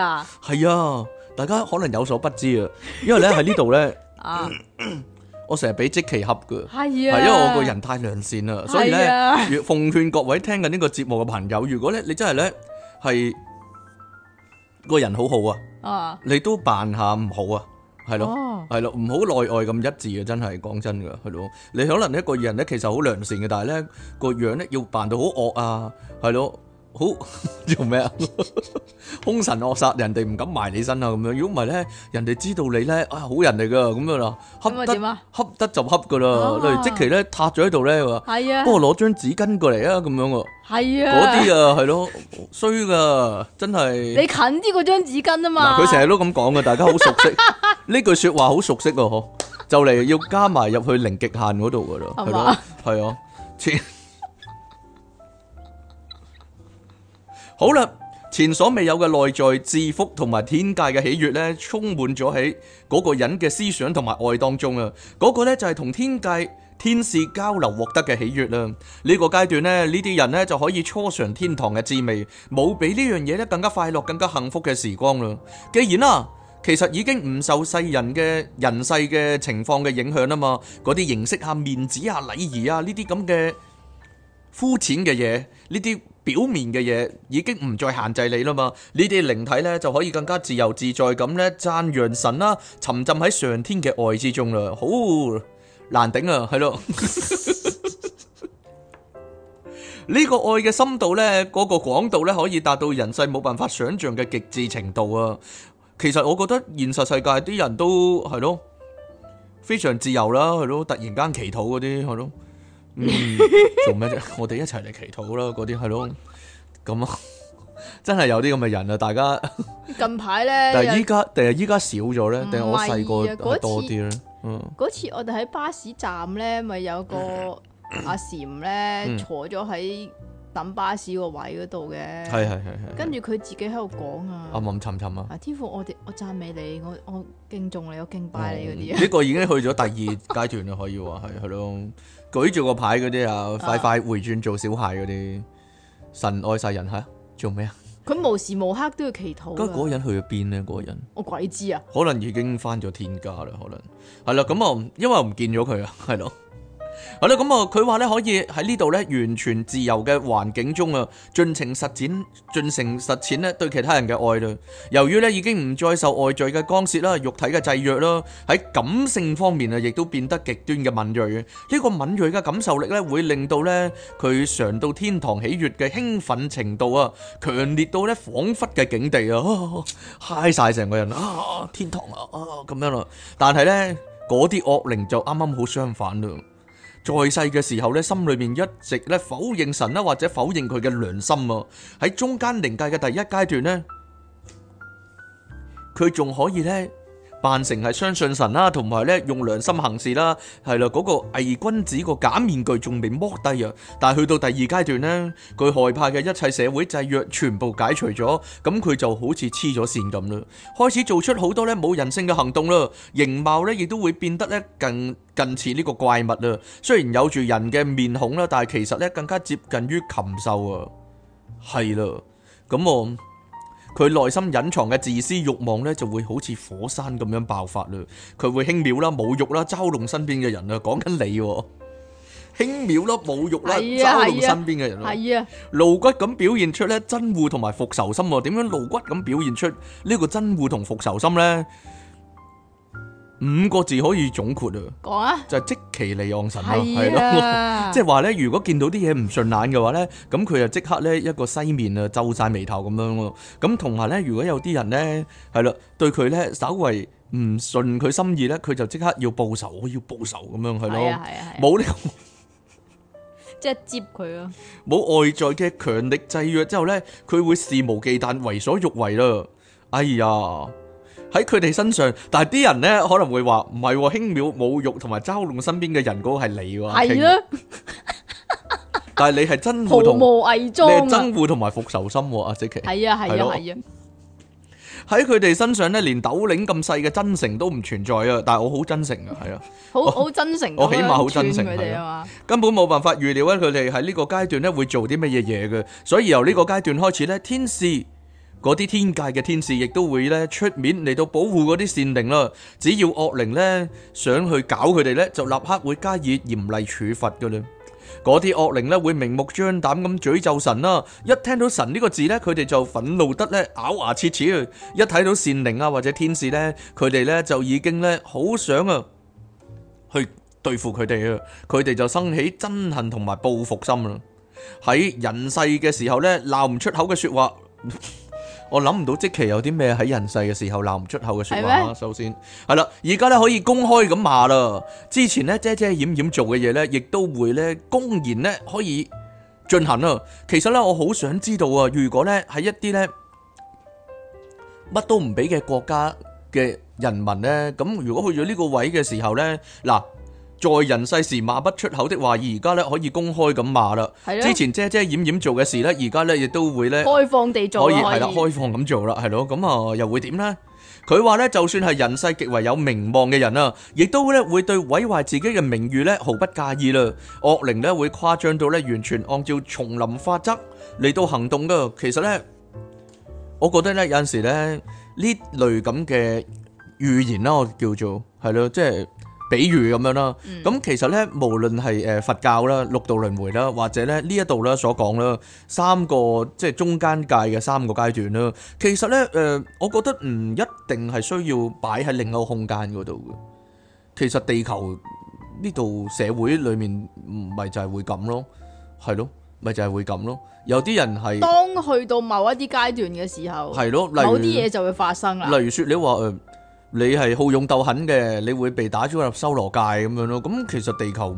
係啊，大家可能有所不知啊，因為咧喺呢度咧， 啊、我成日俾即期恰噶。係啊的，係的因為我個人太良善啦，的所以咧，的奉勸各位聽緊呢個節目嘅朋友，如果咧你真係咧係個人好好啊，啊，你都扮下唔好啊。係咯，係咯，唔好、哦、內外咁一致啊，真係講真㗎，係咯，你可能一個人咧其實好良善嘅，但係呢個樣咧要扮到好惡啊，係咯。好 做咩什啊麼？凶 神惡煞，人哋唔敢埋你身啊！咁樣，如果唔係咧，人哋知道你咧，啊好人嚟噶咁樣咯，恰得恰得就恰噶咯。啊、例如即期咧，塌咗喺度咧，話係啊，幫我攞張紙巾過嚟啊！咁樣喎，係啊，嗰啲啊，係咯，衰噶，真係。你近啲嗰張紙巾啊嘛。佢成日都咁講噶，大家好熟悉呢 句說話，好熟悉哦，嗬、啊，就嚟要加埋入去零極限嗰度噶咯，係咯， 係啊， 好啦，前所未有嘅內在賜福同埋天界嘅喜悅呢，充滿咗喺嗰個人嘅思想同埋愛當中啊！嗰、那個呢，就係、是、同天界天使交流獲得嘅喜悅啦。呢、這個階段呢，呢啲人呢，就可以初嘗天堂嘅滋味，冇比呢樣嘢呢，更加快樂、更加幸福嘅時光啦。既然啦、啊，其實已經唔受世人嘅人世嘅情況嘅影響啊嘛，嗰啲形式下、啊、面子啊、禮儀啊呢啲咁嘅膚淺嘅嘢，呢啲。表面嘅嘢已經唔再限制你啦嘛，你哋靈體呢就可以更加自由自在咁呢讚揚神啦，沉浸喺上天嘅愛之中啦，好難頂啊，係咯，呢個愛嘅深度呢，嗰個廣度呢，可以達到人世冇辦法想象嘅極致程度啊。其實我覺得現實世界啲人都係咯，非常自由啦，係咯，突然間祈禱嗰啲，係咯。做咩啫？我哋一齊嚟祈禱咯，嗰啲係咯，咁啊，真係有啲咁嘅人啊！大家近排咧，但係依家，定係依家少咗咧，定係我細個多啲咧？嗯，嗰次我哋喺巴士站咧，咪有個阿禪咧坐咗喺等巴士個位嗰度嘅，係係係係。跟住佢自己喺度講啊，暗暗沉沉啊！天父，我哋我讚美你，我我敬重你，我敬拜你嗰啲。呢個已經去咗第二階段啦，可以話係係咯。舉住個牌嗰啲啊，快快回轉做小孩嗰啲，啊、神愛世人吓、啊，做咩啊？佢無時無刻都要祈禱啊！嗰個人去咗邊咧？嗰個人我鬼知啊！可能已經翻咗天家啦，可能係啦。咁啊，因為我唔見咗佢啊，係咯。好啦，咁啊，佢話咧可以喺呢度咧完全自由嘅環境中啊，盡情實踐，盡情實踐咧對其他人嘅愛咯。由於咧已經唔再受外在嘅干涉啦、肉體嘅制約啦，喺感性方面啊，亦都變得極端嘅敏銳。呢個敏銳嘅感受力咧，會令到咧佢嘗到天堂喜悅嘅興奮程度啊，強烈到咧恍惚嘅境地啊，嗨晒成個人啊，天堂啊，咁樣咯。但係咧嗰啲惡靈就啱啱好相反咯。在世嘅時候呢，心裏面一直咧否認神啦，或者否認佢嘅良心喎。喺中間靈界嘅第一階段呢，佢仲可以呢。扮成係相信神啦，同埋咧用良心行事啦，係啦，嗰個偽君子個假面具仲未剝低啊！但係去到第二階段呢，佢害怕嘅一切社會制約全部解除咗，咁佢就好似黐咗線咁啦，開始做出好多咧冇人性嘅行動啦，形貌咧亦都會變得咧更近似呢個怪物啦。雖然有住人嘅面孔啦，但係其實咧更加接近於禽獸啊。係啦，咁我。佢內心隱藏嘅自私慾望，咧，就會好似火山咁樣爆發啦。佢會輕蔑啦，侮辱啦，嘲弄身邊嘅人啦。講緊你，輕蔑啦，侮辱啦，嘲弄身邊嘅人啦。露骨咁表現出咧，憎惡同埋復仇心喎。點樣露骨咁表現出呢個憎惡同復仇心咧？五個字可以總括啊，講啊，就係即其利昂神咯，係咯、啊， 即係話咧，如果見到啲嘢唔順眼嘅話咧，咁佢就即刻咧一個西面啊，皺晒眉頭咁樣咯。咁同埋咧，如果有啲人咧，係啦、啊，對佢咧稍為唔順佢心意咧，佢就即刻要報仇，我要報仇咁樣係咯，係啊係啊係，冇呢，即係接佢啊，冇外在嘅強力制約之後咧，佢會肆無忌憚為所欲為啦。哎呀！喺佢哋身上，但係啲人咧可能會話唔係輕蔑侮辱，同埋嘲弄身邊嘅人嗰個係你喎，係啊！但係你係真護同，冇偽裝，啊，你係真護同埋復仇心，阿石琪係啊係啊係啊！喺佢哋身上咧，連斗零咁細嘅真誠都唔存在啊！但係我好真誠噶，係啊，好好真誠，我起碼好真誠佢哋啊嘛，根本冇辦法預料咧，佢哋喺呢個階段咧會做啲咩嘢嘢嘅，所以由呢個階段開始咧，天使。嗰啲天界嘅天使亦都會咧出面嚟到保護嗰啲善靈啦。只要惡靈呢想去搞佢哋呢，就立刻會加以嚴厲處罰㗎喇。嗰啲惡靈呢會明目張膽咁詛咒神啦。一聽到神呢個字呢，佢哋就憤怒得咧咬牙切齒。一睇到善靈啊或者天使呢，佢哋呢就已經呢好想啊去對付佢哋啊。佢哋就生起憎恨同埋報復心啦。喺人世嘅時候呢，鬧唔出口嘅說話。 我諗唔到即期有啲咩喺人世嘅時候鬧唔出口嘅說話嗎首先係啦，而家咧可以公開咁罵啦。之前咧遮遮掩掩做嘅嘢咧，亦都會咧公然咧可以進行啦。其實咧我好想知道啊，如果咧喺一啲咧乜都唔俾嘅國家嘅人民咧，咁如果去咗呢個位嘅時候咧，嗱。在人世時罵不出口的話，而家咧可以公開咁罵啦。之前遮遮掩掩做嘅事咧，而家咧亦都會咧開放地做，可以係啦，開放咁做啦，係咯。咁啊，又會點咧？佢話咧，就算係人世極為有名望嘅人啊，亦都咧會對毀壞自己嘅名譽咧毫不介意啦。惡靈咧會誇張到咧完全按照叢林法則嚟到行動噶。其實咧，我覺得咧有陣時咧呢類咁嘅語言啦，我叫做係咯，即係。比如咁樣啦，咁其實咧，無論係誒佛教啦、六道輪迴啦，或者咧呢一度咧所講啦，三個即係中間界嘅三個階段啦，其實咧誒，我覺得唔一定係需要擺喺另一個空間嗰度嘅。其實地球呢度社會裡面，唔咪就係會咁咯，係咯，咪就係會咁咯。有啲人係當去到某一啲階段嘅時候，係咯，某啲嘢就會發生啦。例如說，你話誒。你係好勇鬥狠嘅，你會被打咗入修羅界咁樣咯。咁其實地球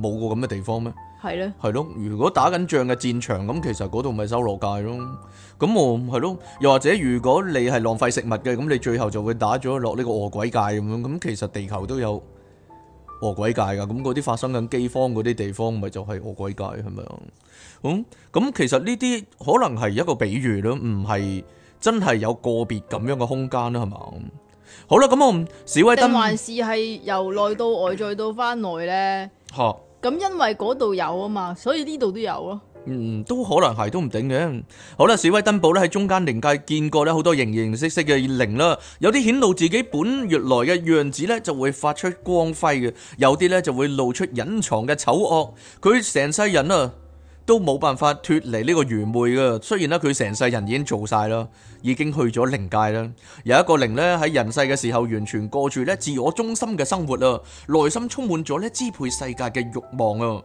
冇過咁嘅地方咩？係咯的，係咯。如果打緊仗嘅戰場咁，其實嗰度咪修羅界咯。咁我係咯，又或者如果你係浪費食物嘅，咁你最後就會打咗落呢個惡鬼界咁樣。咁其實地球都有惡鬼界噶。咁嗰啲發生緊饑荒嗰啲地方咪就係惡鬼界係咪啊？咁咁其實呢啲可能係一個比喻咯，唔係真係有個別咁樣嘅空間啦，係嘛？好啦，咁我史威登堡還是係由內到外再到翻內咧？嗬哈，咁因為嗰度有啊嘛，所以呢度都有咯。嗯，都可能係都唔定嘅。好啦，史威登堡咧喺中間靈界見過咧好多形形色色嘅靈啦，有啲顯露自己本原來嘅樣子咧就會發出光輝嘅，有啲咧就會露出隱藏嘅醜惡。佢成世人啊！都冇辦法脫離呢個愚昧㗎，雖然咧佢成世人已經做晒啦，已經去咗靈界啦。有一個靈咧喺人世嘅時候，完全過住咧自我中心嘅生活啊，內心充滿咗咧支配世界嘅慾望啊，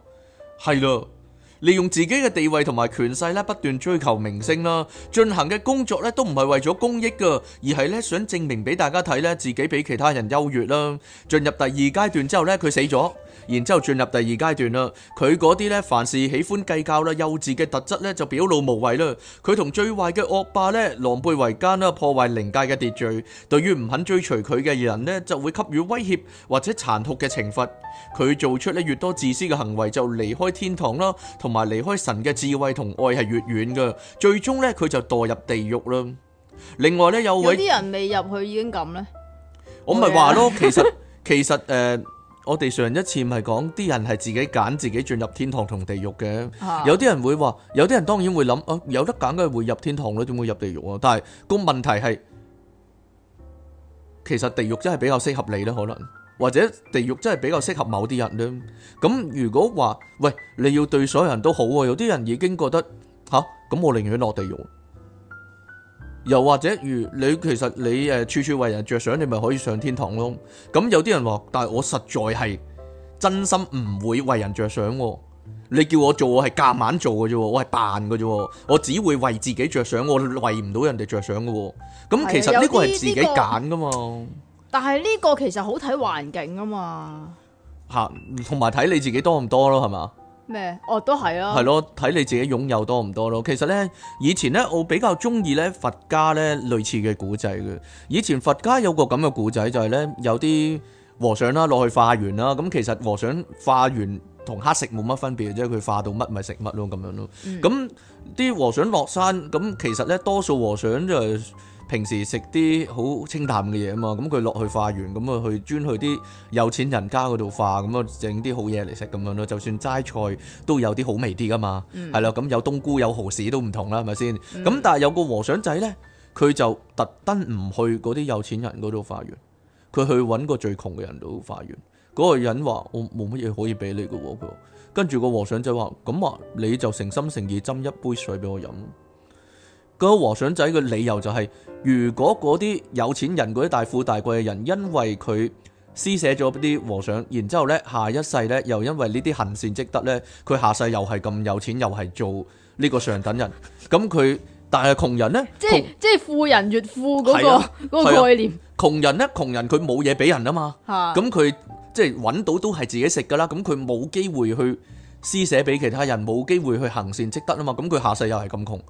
係啦。利用自己嘅地位同埋權勢咧，不斷追求名聲啦。進行嘅工作咧，都唔係為咗公益噶，而係咧想證明俾大家睇咧，自己比其他人優越啦。進入第二階段之後咧，佢死咗，然之後進入第二階段啦。佢嗰啲咧，凡事喜歡計較啦，幼稚嘅特質咧就表露無遺啦。佢同最壞嘅惡霸咧狼狽為奸啦，破壞靈界嘅秩序。對於唔肯追隨佢嘅人咧，就會給予威脅或者殘酷嘅懲罰。佢做出咧越多自私嘅行為，就離開天堂啦，同。同埋離開神嘅智慧同愛係越遠噶，最終呢，佢就墮入地獄啦。另外呢，有位有啲人未入去已經咁呢？我咪話咯 其、其實其實誒，我哋上一次唔係講啲人係自己揀自己進入天堂同地獄嘅的，有啲人會話，有啲人當然會諗，哦、啊，有得揀嘅會入天堂咯，點會入地獄啊？但係個問題係，其實地獄真係比較適合你咯，可能。或者地獄真係比較適合某啲人咧，咁如果話喂你要對所有人都好，有啲人已經覺得吓，咁、啊、我寧願落地獄。又或者如你其實你誒處處為人着想，你咪可以上天堂咯。咁有啲人話，但係我實在係真心唔會為人着想喎。你叫我做，我係夾硬做嘅啫，我係扮嘅啫，我只會為自己着想，我為唔到人哋着想嘅喎。咁其實呢個係自己揀嘅嘛。但係呢個其實好睇環境啊嘛，嚇，同埋睇你自己多唔多咯，係嘛？咩？哦，都係啊，係咯，睇你自己擁有多唔多咯。其實咧，以前咧，我比較中意咧佛家咧類似嘅古仔嘅。以前佛家有個咁嘅古仔，就係、是、咧有啲和尚啦落去化緣啦。咁其實和尚化緣同乞食冇乜分別即係，佢化到乜咪食乜咯咁樣咯。咁啲、嗯、和尚落山，咁其實咧多數和尚就係。平時食啲好清淡嘅嘢啊嘛，咁佢落去化緣，咁啊去專去啲有錢人家嗰度化，咁啊整啲好嘢嚟食咁樣咯。就算齋菜都有啲好味啲噶嘛，係啦、嗯。咁有冬菇有蠔豉都唔同啦，係咪先？咁、嗯、但係有個和尚仔呢，佢就特登唔去嗰啲有錢人嗰度化緣，佢去揾個最窮嘅人度化緣。嗰、那個人話：我冇乜嘢可以俾你嘅喎。嗯、跟住個和尚仔話：咁、嗯、啊，你就誠心誠意斟一杯水俾我飲。個和尚仔嘅理由就係、是，如果嗰啲有錢人、嗰啲大富大貴嘅人，因為佢施捨咗啲和尚，然之後呢下一世呢，又因為呢啲行善積德呢，佢下世又係咁有錢，又係做呢個上等人。咁佢，但係窮人呢？即窮即係富人越富嗰、那個啊啊、個概念、啊。窮人呢？窮人佢冇嘢俾人啊嘛。嚇、啊，咁佢即係揾到都係自己食噶啦。咁佢冇機會去施捨俾其他人，冇機會去行善積德啊嘛。咁佢下世又係咁窮。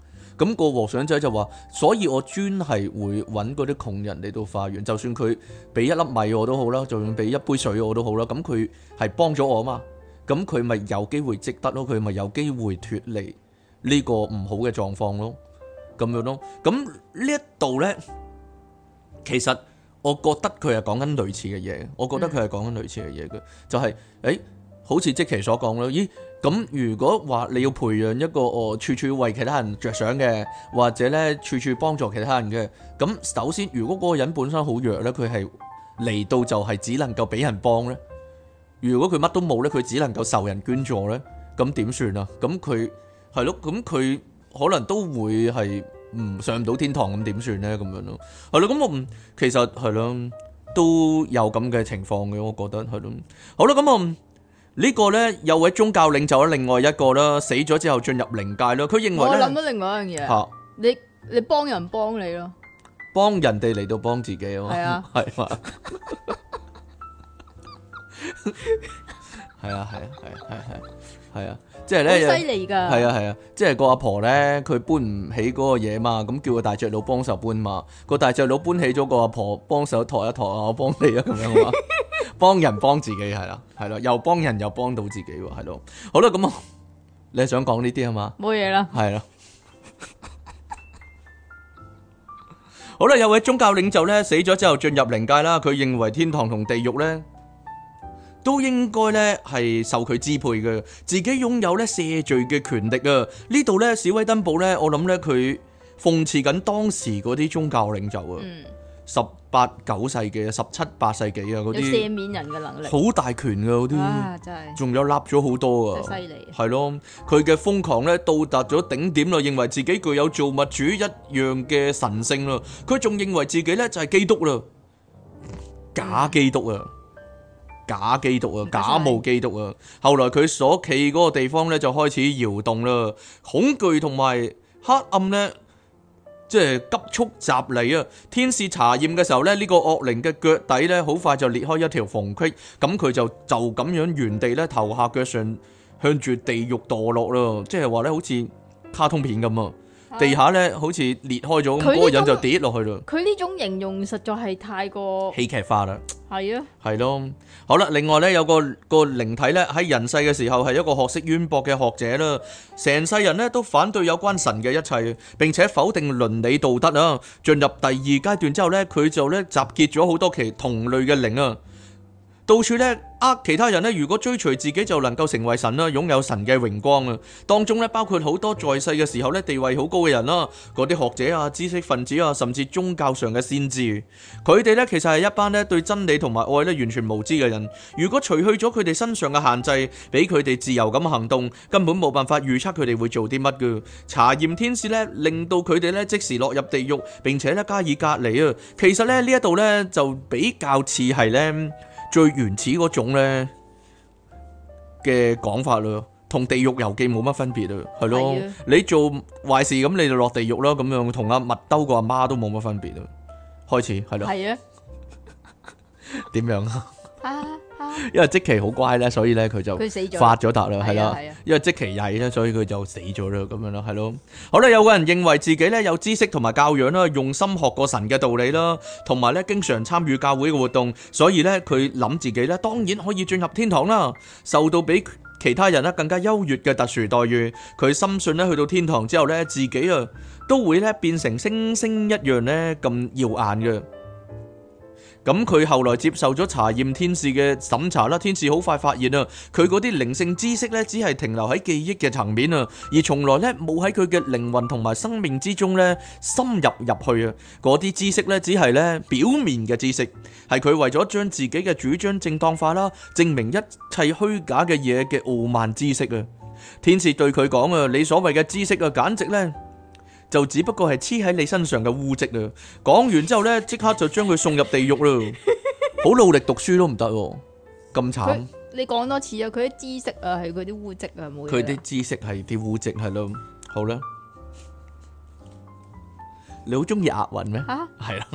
咁個和尚仔就話：所以我專係會揾嗰啲窮人嚟到化緣，就算佢俾一粒米我都好啦，就算俾一杯水我都好啦。咁佢係幫咗我吖嘛？咁佢咪有機會積德咯？佢咪有機會脱離呢個唔好嘅狀況咯？咁樣咯。咁呢一度呢？其實我覺得佢係講緊類似嘅嘢，我覺得佢係講緊類似嘅嘢嘅，就係、是、誒、欸，好似即其所講咯，咦？咁如果話你要培養一個哦，處處為其他人着想嘅，或者咧處處幫助其他人嘅，咁首先如果嗰個人本身好弱咧，佢係嚟到就係只能夠俾人幫咧。如果佢乜都冇咧，佢只能夠受人捐助咧，咁點算啊？咁佢係咯，咁佢可能都會係唔上唔到天堂咁點算咧？咁樣咯，係咯，咁我唔，其實係咯，都有咁嘅情況嘅，我覺得係咯，好啦，咁我。呢個咧有位宗教領袖，另外一個啦，死咗之後進入靈界咯。佢認為我諗到另外一樣嘢，吓，你你幫人幫你咯，幫人哋嚟到幫自己咯，係啊，係係啊，係啊，係啊，係啊，即係咧，犀利噶，係啊，係啊，即係個阿婆咧，佢搬唔起嗰個嘢嘛，咁叫個大隻佬幫手搬嘛，個大隻佬搬起咗個阿婆，幫手抬一抬啊，我幫你啊，咁樣嘛。幫人幫自己係啦，係咯，又幫人又幫到自己喎，係咯。好啦，咁啊，你想講呢啲係嘛？冇嘢啦。係啦對了。 好啦，有位宗教領袖呢，死咗之後進入靈界啦，佢認為天堂同地獄呢，都應該呢係受佢支配嘅，自己擁有呢赦罪嘅權力啊。呢度呢，史威登堡呢，我諗呢，佢諷刺緊當時嗰啲宗教領袖啊。嗯十八九世紀啊，十七八世紀啊，嗰啲，有赦免人嘅能力。好大權噶嗰啲。哇！真係。仲有立咗好多啊。真係犀利。係咯，佢嘅瘋狂咧到達咗頂點啦，認為自己具有造物主一樣嘅神聖啦。佢仲認為自己咧就係基督啦，假基督啊，假基督啊，假冒基督啊。後來佢所企嗰個地方咧就開始搖動啦，恐懼同埋黑暗咧。即係急速襲嚟啊！天使查驗嘅時候咧，呢個惡靈嘅腳底咧，好快就裂開一條縫隙，咁佢就就咁樣原地咧頭下腳上向住地獄墮落咯，即係話咧好似卡通片咁啊！地下咧好似裂開咗，嗰個人就跌落去咯。佢呢種形容實在係太過戲劇化啦。係啊的，係咯。好啦，另外咧有個個靈體咧喺人世嘅時候係一個學識淵博嘅學者啦，成世人咧都反對有關神嘅一切，並且否定倫理道德啊。進入第二階段之後咧，佢就咧集結咗好多其同類嘅靈啊。到處咧，呃，其他人咧，如果追隨自己就能夠成為神啦，擁有神嘅榮光啊。當中咧，包括好多在世嘅時候咧地位好高嘅人啦，嗰啲學者啊、知識分子啊，甚至宗教上嘅先知，佢哋咧其實係一班咧對真理同埋愛咧完全無知嘅人。如果除去咗佢哋身上嘅限制，俾佢哋自由咁行動，根本冇辦法預測佢哋會做啲乜嘅。查驗天使咧，令到佢哋咧即時落入地獄，並且咧加以隔離啊。其實咧呢一度咧就比較似係咧。最原始嗰種咧嘅講法咯，同《地獄遊記》冇乜分別咯，係咯，你做壞事咁你就落地獄囉，咁樣同阿麥兜個阿媽都冇乜分別咯，開始係咯，係啊，點樣啊？因為即其好乖咧，所以咧佢就發咗達啦，係啦、啊。啊、因為即其曳咧，所以佢就死咗啦，咁樣咯，係咯。好啦，有個人認為自己咧有知識同埋教養啦，用心學過神嘅道理啦，同埋咧經常參與教會嘅活動，所以咧佢諗自己咧當然可以進入天堂啦，受到比其他人咧更加優越嘅特殊待遇。佢深信咧去到天堂之後咧，自己啊都會咧變成星星一樣咧咁耀眼嘅。咁佢後來接受咗查驗天使嘅審查啦，天使好快發現啊，佢嗰啲靈性知識咧，只係停留喺記憶嘅層面啊，而從來咧冇喺佢嘅靈魂同埋生命之中咧深入入去啊，嗰啲知識咧，只係咧表面嘅知識，係佢為咗將自己嘅主張正當化啦，證明一切虛假嘅嘢嘅傲慢知識啊！天使對佢講啊，你所謂嘅知識啊，簡直咧～就只不過係黐喺你身上嘅污跡啦。講完之後咧，即刻就將佢送入地獄咯。好努力讀書都唔得，咁慘？你講多次啊，佢啲知識啊係佢啲污跡啊，冇。佢啲知識係啲污跡，係咯。好啦，你好中意押韻咩？啊，係啦。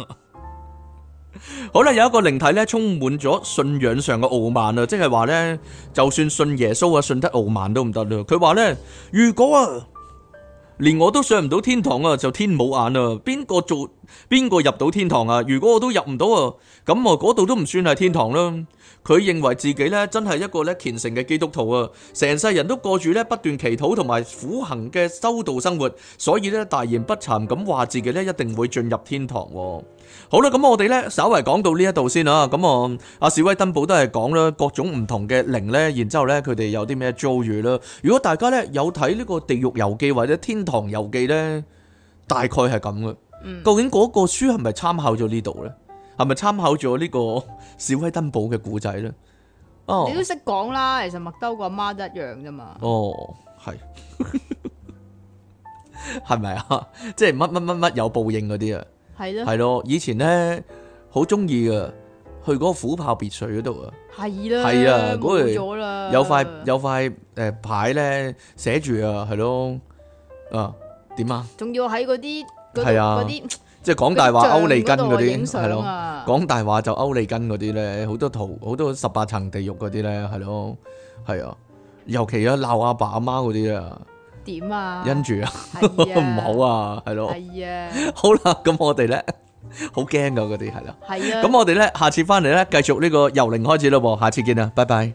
好啦，有一個靈體咧，充滿咗信仰上嘅傲慢啊，即係話咧，就算信耶穌啊，信得傲慢都唔得咯。佢話咧，如果啊。連我都上唔到天堂啊，就天冇眼啊！邊個做邊個入到天堂啊？如果我都入唔到啊，咁我嗰度都唔算係天堂啦。佢認為自己咧真係一個咧虔誠嘅基督徒啊，成世人都過住咧不斷祈禱同埋苦行嘅修道生活，所以咧大言不慚咁話自己咧一定會進入天堂啊。好啦，咁我哋咧，稍微講到呢一度先啊。咁啊，阿史威登堡都係講啦，各種唔同嘅靈咧，然之後咧佢哋有啲咩遭遇啦。如果大家咧有睇呢個《地獄遊記》或者《天堂遊記》咧，大概係咁嘅。嗯，究竟嗰個書係咪參考咗呢度咧？係咪參考咗呢個史威登堡嘅古仔咧？哦，你都識講啦。其實麥兜個阿媽都一樣啫嘛。哦，係，係 咪啊？即係乜乜乜乜有報應嗰啲啊？係咯，以前咧好中意啊，去嗰個虎豹別墅嗰度，呃、啊，係啦，係啊，嗰度有塊有塊誒牌咧寫住啊，係咯的，啊點啊？仲要喺嗰啲，係啊，啲即係講大話歐利根嗰啲。係咯，啊，講大話就歐利根嗰啲咧，好多圖，好多十八層地獄嗰啲咧，係咯，係啊，尤其啊鬧阿爸阿媽嗰啲啊。點啊？因住啊，唔、啊、 好啊，係咯，係啊， 好啦，咁我哋咧好驚噶嗰啲係啦，係啊，咁我哋咧下次翻嚟咧，繼續呢個由零開始咯噃，下次見啦，拜拜。